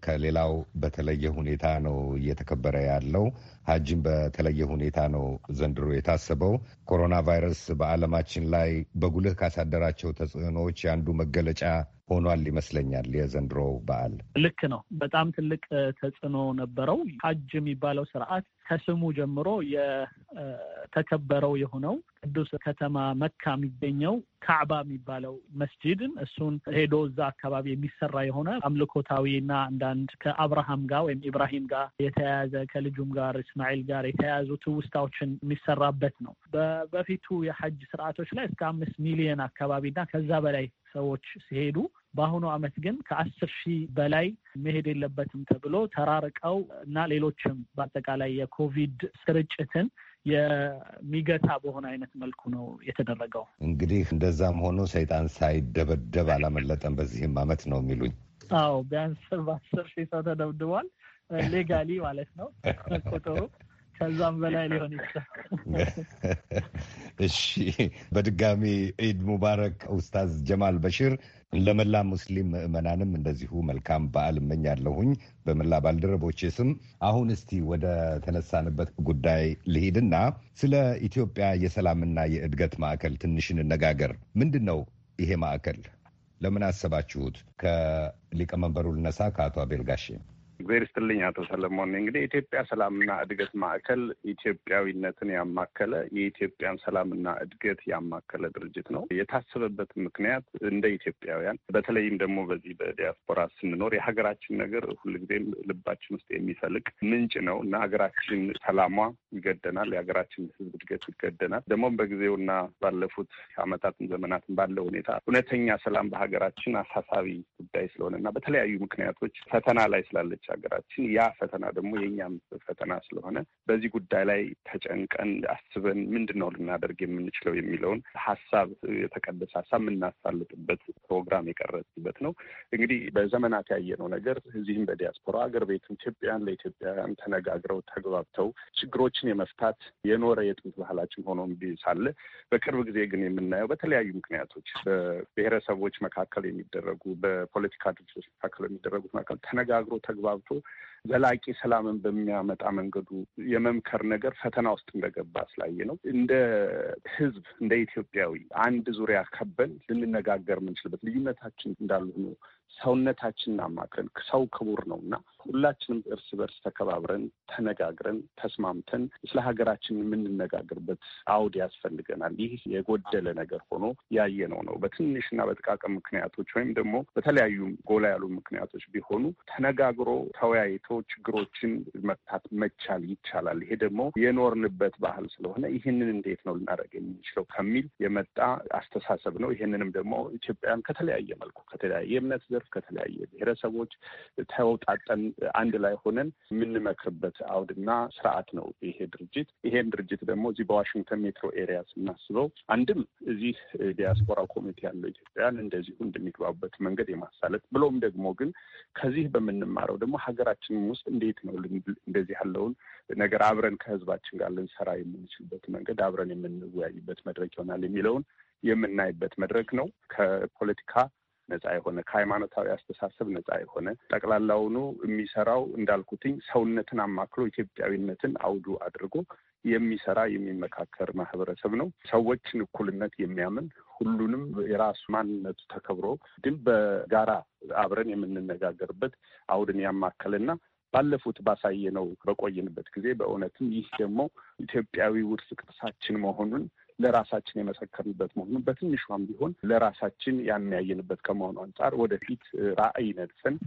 [SPEAKER 1] ከሌላው በተለየ ሁኔታ ነው እየተከበረ ያለው። ሀጅን በተለየ ሁኔታ ነው ዘንድሮ የታሰበው። ኮሮና ቫይረስ በዓለማችን ላይ በጉልህ ካሳደራቸው ተጽዕኖዎች አንዱ መገለጫ ሆኗል ይመስለኛል። የዘንድሮ በዓል
[SPEAKER 6] ልክ ነው፣ በጣም ትልቅ ተጽዕኖ ነበረው። ሀጅ የሚባለው ስርዓት ከስሙ ጀምሮ የተከበረው የሆነው ቅዱስ ከተማ መካ የሚገኘው ካዕባ የሚባለው መስጂድን እሱን ሄዶ እዛ አካባቢ የሚሰራ የሆነ አምልኮታዊና አንዳንድ ከአብርሃም ጋር ወይም ኢብራሂም ጋር የተያያዘ ከልጁም ጋር እስማኤል ጋር የተያያዙ ትውስታዎችን የሚሰራበት ነው። በፊቱ የሐጅ ስርዓቶች ላይ እስከ አምስት ሚሊዮን አካባቢና ከዛ በላይ ሰዎች ሲሄዱ በአሁኑ ዓመት ግን ከአስር ሺህ በላይ መሄድ የለበትም ተብሎ ተራርቀው እና ሌሎችም በአጠቃላይ የኮቪድ ስርጭትን የሚገታ በሆነ አይነት መልኩ ነው የተደረገው።
[SPEAKER 1] እንግዲህ እንደዛም ሆኖ ሰይጣን ሳይደበደብ አላመለጠም። በዚህም ዓመት ነው የሚሉኝ።
[SPEAKER 6] አዎ ቢያንስ በአስር ሺህ ሰው ተደብድቧል። ሌጋሊ ማለት ነው ቁጥሩ ከዛም በላይ ሊሆን ይችላል።
[SPEAKER 1] እሺ፣ በድጋሚ ኢድ ሙባረክ ኡስታዝ ጀማል በሽር። ለመላ ሙስሊም ምዕመናንም እንደዚሁ መልካም በዓል እመኛለሁኝ በመላ ባልደረቦቼ ስም። አሁን እስቲ ወደ ተነሳንበት ጉዳይ ልሂድና ስለ ኢትዮጵያ የሰላምና የእድገት ማዕከል ትንሽ እንነጋገር። ምንድን ነው ይሄ ማዕከል? ለምን አሰባችሁት? ከሊቀመንበሩ ልነሳ፣ ከአቶ አቤል ጋሼ
[SPEAKER 5] እግዚአብሔር ይስጥልኝ አቶ ሰለሞን። እንግዲህ የኢትዮጵያ ሰላምና እድገት ማዕከል ኢትዮጵያዊነትን ያማከለ የኢትዮጵያን ሰላምና እድገት ያማከለ ድርጅት ነው። የታሰበበት ምክንያት እንደ ኢትዮጵያውያን በተለይም ደግሞ በዚህ በዲያስፖራ ስንኖር የሀገራችን ነገር ሁልጊዜም ልባችን ውስጥ የሚፈልቅ ምንጭ ነው እና ሀገራችን ሰላሟ ይገደናል፣ የሀገራችን ሕዝብ እድገት ይገደናል። ደግሞ በጊዜውና ባለፉት ዓመታትን ዘመናትን ባለው ሁኔታ እውነተኛ ሰላም በሀገራችን አሳሳቢ ጉዳይ ስለሆነ እና በተለያዩ ምክንያቶች ፈተና ላይ ስላለች ሀገራችን። ያ ፈተና ደግሞ የእኛም ፈተና ስለሆነ በዚህ ጉዳይ ላይ ተጨንቀን አስበን ምንድን ነው ልናደርግ የምንችለው የሚለውን ሀሳብ የተቀደሰ ሀሳብ የምናሳልጥበት ፕሮግራም የቀረጽበት ነው። እንግዲህ በዘመናት ያየነው ነገር እዚህም በዲያስፖራ ሀገር ቤትም ኢትዮጵያን ለኢትዮጵያውያን ተነጋግረው ተግባብተው ችግሮችን የመፍታት የኖረ የጥንት ባህላችን ሆኖ ሳለ በቅርብ ጊዜ ግን የምናየው በተለያዩ ምክንያቶች በብሔረሰቦች መካከል የሚደረጉ በፖለቲካ ድርጅቶች መካከል የሚደረጉት መካከል ተነጋግሮ ተግባ ተግባብቶ ዘላቂ ሰላምን በሚያመጣ መንገዱ የመምከር ነገር ፈተና ውስጥ እንደገባ ስላየ ነው። እንደ ህዝብ እንደ ኢትዮጵያዊ አንድ ዙሪያ ከበን ልንነጋገር የምንችልበት ልዩነታችን እንዳልሆኑ ሰውነታችንን አማክረን ሰው ክቡር ነው እና ሁላችንም እርስ በርስ ተከባብረን ተነጋግረን ተስማምተን ስለ ሀገራችን የምንነጋገርበት አውድ ያስፈልገናል። ይህ የጎደለ ነገር ሆኖ ያየነው ነው። በትንሽና በጥቃቅን ምክንያቶች ወይም ደግሞ በተለያዩ ጎላ ያሉ ምክንያቶች ቢሆኑ ተነጋግሮ ተወያይቶ ችግሮችን መፍታት መቻል ይቻላል። ይሄ ደግሞ የኖርንበት ባህል ስለሆነ ይህንን እንዴት ነው ልናደርግ የምንችለው ከሚል የመጣ አስተሳሰብ ነው። ይህንንም ደግሞ ኢትዮጵያን ከተለያየ መልኩ ከተለያየ እምነት ዘርፍ ከተለያየ ብሔረሰቦች ተውጣጠን አንድ ላይ ሆነን የምንመክርበት አውድና ስርዓት ነው ይሄ ድርጅት። ይሄን ድርጅት ደግሞ እዚህ በዋሽንግተን ሜትሮ ኤሪያ ስናስበው አንድም እዚህ ዲያስፖራ ኮሚቴ ያለው ኢትዮጵያውያን እንደዚሁ እንደሚግባቡበት መንገድ የማሳለጥ ብሎም ደግሞ ግን ከዚህ በምንማረው ደግሞ ሀገራችንም ውስጥ እንዴት ነው እንደዚህ ያለውን ነገር አብረን ከህዝባችን ጋር ልንሰራ የምንችልበት መንገድ አብረን የምንወያይበት መድረክ ይሆናል የሚለውን የምናይበት መድረክ ነው። ከፖለቲካ ነጻ የሆነ ከሃይማኖታዊ አስተሳሰብ ነጻ የሆነ ጠቅላላውኑ የሚሰራው እንዳልኩትኝ ሰውነትን አማክሎ ኢትዮጵያዊነትን አውዱ አድርጎ የሚሰራ የሚመካከር ማህበረሰብ ነው። ሰዎችን እኩልነት የሚያምን ሁሉንም የራሱ ማንነቱ ተከብሮ ግን በጋራ አብረን የምንነጋገርበት አውድን ያማከልና ባለፉት ባሳየ ነው በቆየንበት ጊዜ በእውነትም ይህ ደግሞ ኢትዮጵያዊ ውርስ ቅርሳችን መሆኑን ለራሳችን የመሰከርንበት መሆኑን በትንሿም ቢሆን ለራሳችን ያመያየንበት ከመሆኑ አንጻር ወደፊት ራዕይ ነድፈን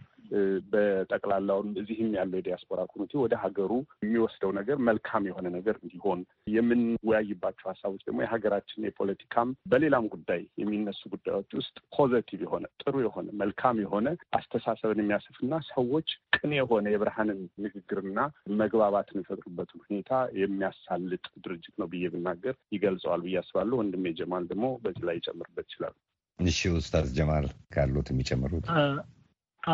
[SPEAKER 5] በጠቅላላውን እዚህም ያለው የዲያስፖራ ኮሚቴ ወደ ሀገሩ የሚወስደው ነገር መልካም የሆነ ነገር እንዲሆን የምንወያይባቸው ሀሳቦች ደግሞ የሀገራችን የፖለቲካም በሌላም ጉዳይ የሚነሱ ጉዳዮች ውስጥ ፖዘቲቭ የሆነ ጥሩ የሆነ መልካም የሆነ አስተሳሰብን የሚያሰፍና ሰዎች ቅን የሆነ የብርሃንን ንግግርና መግባባትን የሚፈጥሩበትን ሁኔታ የሚያሳልጥ ድርጅት ነው ብዬ ብናገር ይገልጸዋል ብዬ አስባለሁ።
[SPEAKER 1] ወንድሜ ጀማል ደግሞ በዚህ ላይ ይጨምርበት ይችላል። እሺ ኡስታዝ ጀማል ካሉት የሚጨምሩት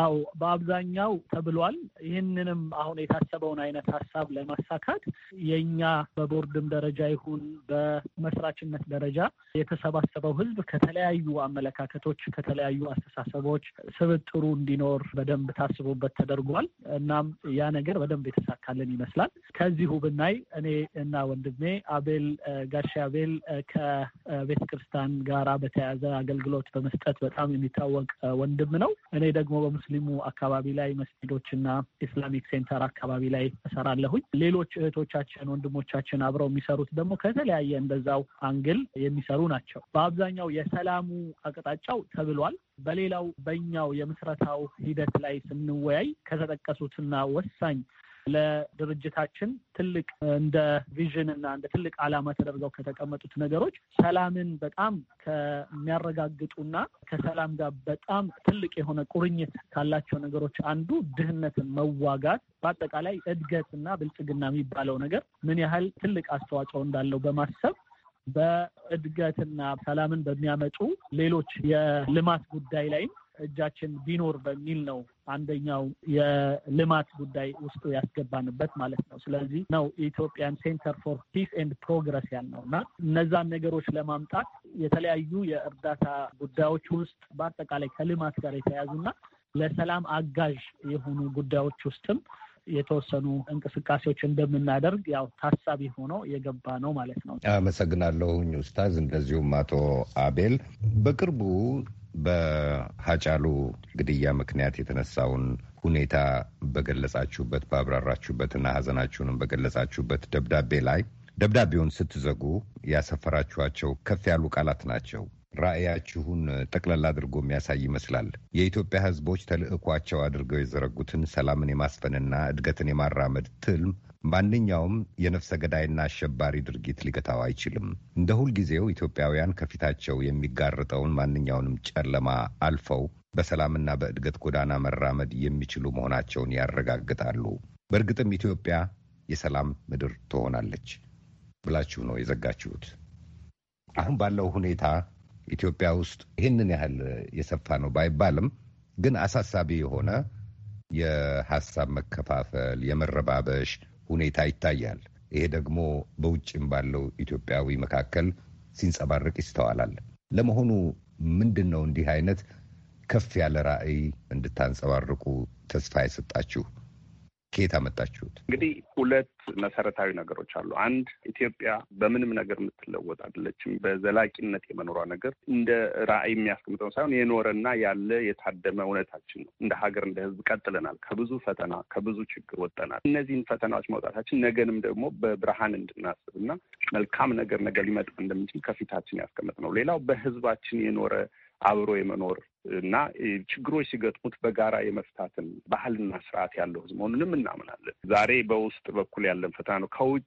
[SPEAKER 6] አዎ በአብዛኛው ተብሏል። ይህንንም አሁን የታሰበውን አይነት ሀሳብ ለማሳካት የእኛ በቦርድም ደረጃ ይሁን በመስራችነት ደረጃ የተሰባሰበው ህዝብ ከተለያዩ አመለካከቶች፣ ከተለያዩ አስተሳሰቦች ስብጥሩ እንዲኖር በደንብ ታስቦበት ተደርጓል። እናም ያ ነገር በደንብ የተሳካልን ይመስላል። ከዚሁ ብናይ እኔ እና ወንድሜ አቤል ጋሻ አቤል ከቤተ ክርስቲያን ጋራ በተያያዘ አገልግሎት በመስጠት በጣም የሚታወቅ ወንድም ነው። እኔ ደግሞ ሙስሊሙ አካባቢ ላይ መስጊዶችና ኢስላሚክ ሴንተር አካባቢ ላይ እሰራለሁኝ። ሌሎች እህቶቻችን ወንድሞቻችን አብረው የሚሰሩት ደግሞ ከተለያየ እንደዛው አንግል የሚሰሩ ናቸው። በአብዛኛው የሰላሙ አቅጣጫው ተብሏል። በሌላው በኛው የምስረታው ሂደት ላይ ስንወያይ ከተጠቀሱትና ወሳኝ ለድርጅታችን ትልቅ እንደ ቪዥን እና እንደ ትልቅ ዓላማ ተደርገው ከተቀመጡት ነገሮች ሰላምን በጣም ከሚያረጋግጡና ከሰላም ጋር በጣም ትልቅ የሆነ ቁርኝት ካላቸው ነገሮች አንዱ ድህነትን መዋጋት በአጠቃላይ እድገት እና ብልጽግና የሚባለው ነገር ምን ያህል ትልቅ አስተዋጽኦ እንዳለው በማሰብ በእድገትና ሰላምን በሚያመጡ ሌሎች የልማት ጉዳይ ላይም እጃችን ቢኖር በሚል ነው አንደኛው የልማት ጉዳይ ውስጡ ያስገባንበት ማለት ነው። ስለዚህ ነው የኢትዮጵያን ሴንተር ፎር ፒስ ኤንድ ፕሮግረስ ያልነው እና እነዛን ነገሮች ለማምጣት የተለያዩ የእርዳታ ጉዳዮች ውስጥ በአጠቃላይ ከልማት ጋር የተያያዙና ለሰላም አጋዥ የሆኑ ጉዳዮች ውስጥም የተወሰኑ እንቅስቃሴዎች እንደምናደርግ ያው ታሳቢ ሆኖ የገባ ነው ማለት ነው።
[SPEAKER 1] አመሰግናለሁኝ ኡስታዝ። እንደዚሁም አቶ አቤል በቅርቡ በሀጫሉ ግድያ ምክንያት የተነሳውን ሁኔታ በገለጻችሁበት ባብራራችሁበትና ሀዘናችሁንም በገለጻችሁበት ደብዳቤ ላይ ደብዳቤውን ስትዘጉ ያሰፈራችኋቸው ከፍ ያሉ ቃላት ናቸው። ራዕያችሁን ጠቅለል አድርጎ የሚያሳይ ይመስላል። የኢትዮጵያ ሕዝቦች ተልእኳቸው አድርገው የዘረጉትን ሰላምን የማስፈንና እድገትን የማራመድ ትልም ማንኛውም የነፍሰ ገዳይና አሸባሪ ድርጊት ሊገታው አይችልም። እንደ ሁልጊዜው ኢትዮጵያውያን ከፊታቸው የሚጋርጠውን ማንኛውንም ጨለማ አልፈው በሰላምና በእድገት ጎዳና መራመድ የሚችሉ መሆናቸውን ያረጋግጣሉ። በእርግጥም ኢትዮጵያ የሰላም ምድር ትሆናለች ብላችሁ ነው የዘጋችሁት። አሁን ባለው ሁኔታ ኢትዮጵያ ውስጥ ይህንን ያህል የሰፋ ነው ባይባልም ግን አሳሳቢ የሆነ የሀሳብ መከፋፈል፣ የመረባበሽ፣ ሁኔታ ይታያል። ይሄ ደግሞ በውጭም ባለው ኢትዮጵያዊ መካከል ሲንጸባረቅ ይስተዋላል። ለመሆኑ ምንድን ነው እንዲህ አይነት ከፍ ያለ ራዕይ እንድታንጸባርቁ ተስፋ የሰጣችሁ? ከየት አመጣችሁት?
[SPEAKER 5] እንግዲህ ሁለት መሰረታዊ ነገሮች አሉ። አንድ ኢትዮጵያ በምንም ነገር የምትለወጥ አይደለችም። በዘላቂነት የመኖሯ ነገር እንደ ራዕይ የሚያስቀምጠው ሳይሆን የኖረና ያለ የታደመ እውነታችን ነው። እንደ ሀገር፣ እንደ ሕዝብ ቀጥለናል። ከብዙ ፈተና ከብዙ ችግር ወጠናል። እነዚህን ፈተናዎች መውጣታችን ነገንም ደግሞ በብርሃን እንድናስብ መልካም ነገር ነገ ሊመጣ እንደምንችል ከፊታችን ያስቀምጥ ነው። ሌላው በሕዝባችን የኖረ አብሮ የመኖር እና ችግሮች ሲገጥሙት በጋራ የመፍታትን ባህልና ስርዓት ያለው ህዝብ መሆኑንም እናምናለን። ዛሬ በውስጥ በኩል ያለን ፈተና ነው። ከውጭ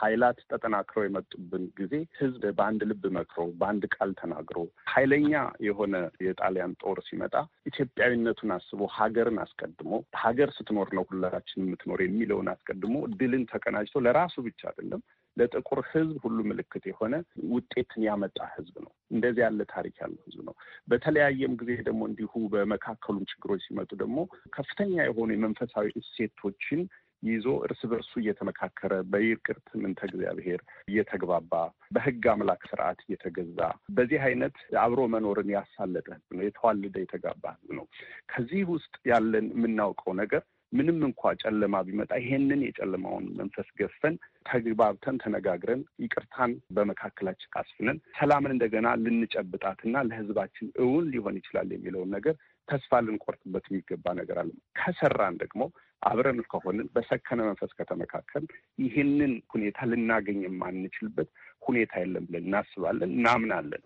[SPEAKER 5] ኃይላት ተጠናክረው የመጡብን ጊዜ ህዝብ በአንድ ልብ መክሮ በአንድ ቃል ተናግሮ ኃይለኛ የሆነ የጣሊያን ጦር ሲመጣ ኢትዮጵያዊነቱን አስቦ ሀገርን አስቀድሞ ሀገር ስትኖር ነው ሁላችን የምትኖር የሚለውን አስቀድሞ ድልን ተቀናጅቶ ለራሱ ብቻ አይደለም ለጥቁር ህዝብ ሁሉ ምልክት የሆነ ውጤትን ያመጣ ህዝብ ነው። እንደዚህ ያለ ታሪክ ያለው ህዝብ ነው። በተለያየም ጊዜ ደግሞ እንዲሁ በመካከሉም ችግሮች ሲመጡ ደግሞ ከፍተኛ የሆኑ የመንፈሳዊ እሴቶችን ይዞ እርስ በርሱ እየተመካከረ በይቅርት ምንተ እግዚአብሔር እየተግባባ በህግ አምላክ ስርዓት እየተገዛ በዚህ አይነት አብሮ መኖርን ያሳለጠ ህዝብ ነው። የተዋለደ የተጋባ ህዝብ ነው። ከዚህ ውስጥ ያለን የምናውቀው ነገር ምንም እንኳ ጨለማ ቢመጣ ይሄንን የጨለማውን መንፈስ ገፈን ተግባብተን ተነጋግረን ይቅርታን በመካከላችን አስፍነን ሰላምን እንደገና ልንጨብጣትና ለህዝባችን እውን ሊሆን ይችላል የሚለውን ነገር ተስፋ ልንቆርጥበት የሚገባ ነገር አለ። ከሰራን ደግሞ አብረን ከሆንን በሰከነ መንፈስ ከተመካከል ይህንን ሁኔታ ልናገኝ የማንችልበት ሁኔታ የለም ብለን እናስባለን፣ እናምናለን።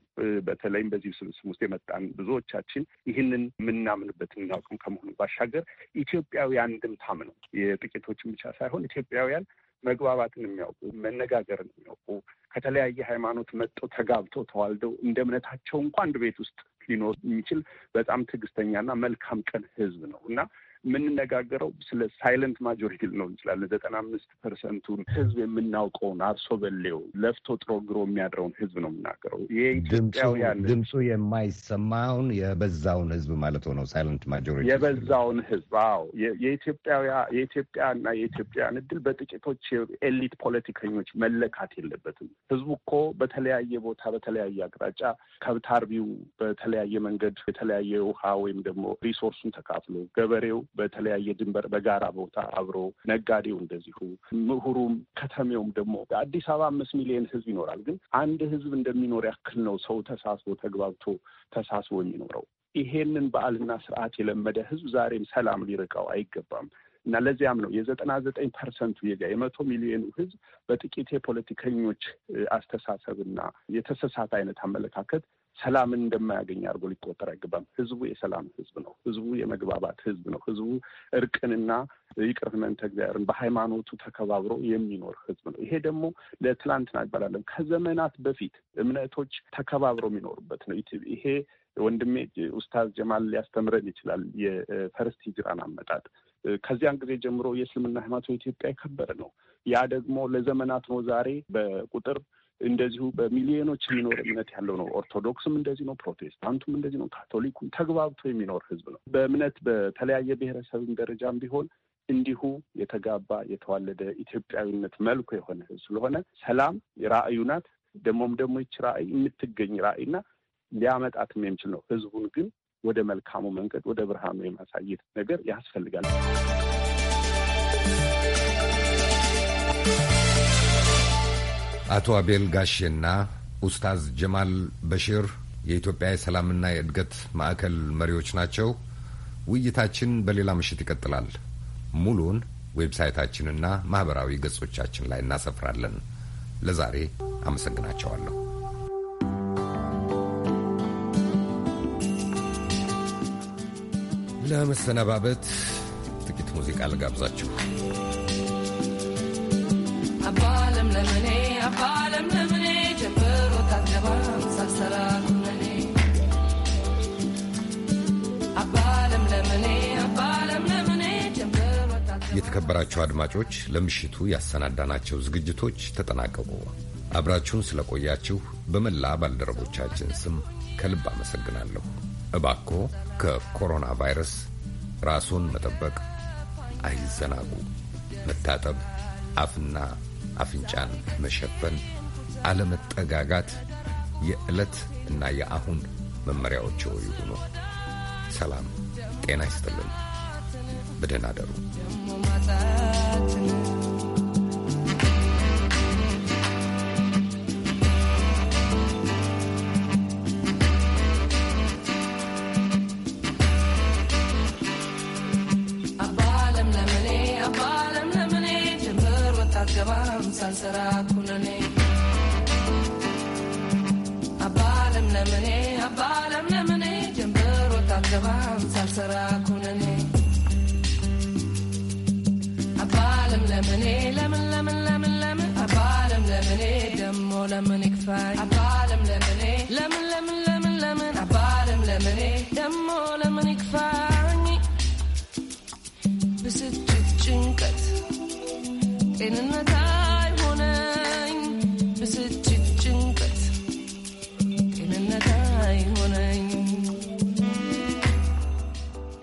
[SPEAKER 5] በተለይም በዚህ ስብስብ ውስጥ የመጣን ብዙዎቻችን ይህንን የምናምንበት እናውቅም ከመሆኑ ባሻገር ኢትዮጵያዊ አንድምታም ነው። የጥቂቶችን ብቻ ሳይሆን ኢትዮጵያውያን መግባባትን የሚያውቁ መነጋገርን የሚያውቁ ከተለያየ ሃይማኖት መጥተው ተጋብተው ተዋልደው እንደ እምነታቸው እንኳ አንድ ቤት ውስጥ ሊኖር የሚችል በጣም ትዕግስተኛና መልካም ቀን ህዝብ ነው እና የምንነጋገረው ስለ ሳይለንት ማጆሪቲ ልነው እንችላለን። ዘጠና አምስት ፐርሰንቱን ህዝብ የምናውቀውን አርሶ በሌው ለፍቶ ጥሮ ግሮ የሚያድረውን ህዝብ ነው የምናገረው።
[SPEAKER 1] የኢትዮጵያውያን ድምፁ የማይሰማውን የበዛውን ህዝብ ማለት ሆነው ሳይለንት ማጆሪቲ
[SPEAKER 5] የበዛውን ህዝብ። አዎ የኢትዮጵያና የኢትዮጵያን እድል በጥቂቶች የኤሊት ፖለቲከኞች መለካት የለበትም። ህዝቡ እኮ በተለያየ ቦታ በተለያየ አቅጣጫ ከብት አርቢው በተለያየ መንገድ የተለያየ ውሃ ወይም ደግሞ ሪሶርሱን ተካፍሎ ገበሬው በተለያየ ድንበር በጋራ ቦታ አብሮ ነጋዴው እንደዚሁ ምሁሩም ከተሜውም ደግሞ አዲስ አበባ አምስት ሚሊዮን ህዝብ ይኖራል። ግን አንድ ህዝብ እንደሚኖር ያክል ነው ሰው ተሳስቦ ተግባብቶ ተሳስቦ የሚኖረው። ይሄንን በዓልና ስርዓት የለመደ ህዝብ ዛሬም ሰላም ሊርቀው አይገባም። እና ለዚያም ነው የዘጠና ዘጠኝ ፐርሰንቱ የጋ የመቶ ሚሊዮኑ ህዝብ በጥቂት የፖለቲከኞች አስተሳሰብና የተሰሳተ አይነት አመለካከት ሰላምን እንደማያገኝ አድርጎ ሊቆጠር አይገባም። ህዝቡ የሰላም ህዝብ ነው። ህዝቡ የመግባባት ህዝብ ነው። ህዝቡ እርቅንና ይቅር እግዚአብሔርን በሃይማኖቱ ተከባብሮ የሚኖር ህዝብ ነው። ይሄ ደግሞ ለትላንትና አይባላለም ከዘመናት በፊት እምነቶች ተከባብረው የሚኖሩበት ነው። ይሄ ወንድሜ ኡስታዝ ጀማል ሊያስተምረን ይችላል። የፈርስት ሂጅራን አመጣጥ ከዚያን ጊዜ ጀምሮ የእስልምና ሃይማኖት በኢትዮጵያ የከበረ ነው። ያ ደግሞ ለዘመናት ነው ዛሬ በቁጥር እንደዚሁ በሚሊዮኖች የሚኖር እምነት ያለው ነው። ኦርቶዶክስም እንደዚህ ነው፣ ፕሮቴስታንቱም እንደዚህ ነው፣ ካቶሊኩም ተግባብቶ የሚኖር ህዝብ ነው። በእምነት በተለያየ ብሔረሰብም ደረጃም ቢሆን እንዲሁ የተጋባ የተዋለደ ኢትዮጵያዊነት መልኩ የሆነ ህዝብ ስለሆነ ሰላም ራዕዩ ናት። ደግሞም ደግሞ ይች ራዕይ የምትገኝ ራዕይና ሊያመጣትም የሚችል ነው። ህዝቡን ግን ወደ መልካሙ መንገድ ወደ ብርሃኑ የማሳየት ነገር ያስፈልጋል።
[SPEAKER 1] አቶ አቤል ጋሼና ኡስታዝ ጀማል በሺር የኢትዮጵያ የሰላምና የእድገት ማዕከል መሪዎች ናቸው። ውይይታችን በሌላ ምሽት ይቀጥላል። ሙሉን ዌብሳይታችንና ማኅበራዊ ገጾቻችን ላይ እናሰፍራለን። ለዛሬ አመሰግናቸዋለሁ። ለመሰነባበት ጥቂት ሙዚቃ ልጋብዛችሁ። አባለም የተከበራችሁ አድማጮች ለምሽቱ ያሰናዳናቸው ዝግጅቶች ተጠናቀቁ። አብራችሁን ስለቆያችሁ በመላ ባልደረቦቻችን ስም ከልብ አመሰግናለሁ። እባክዎ ከኮሮና ቫይረስ ራሱን መጠበቅ አይዘናጉ። መታጠብ፣ አፍና አፍንጫን መሸፈን፣ አለመጠጋጋት የዕለት እና የአሁን መመሪያዎች ይሁኑ። ሰላም ጤና ይስጥልን። በደህና አደሩ።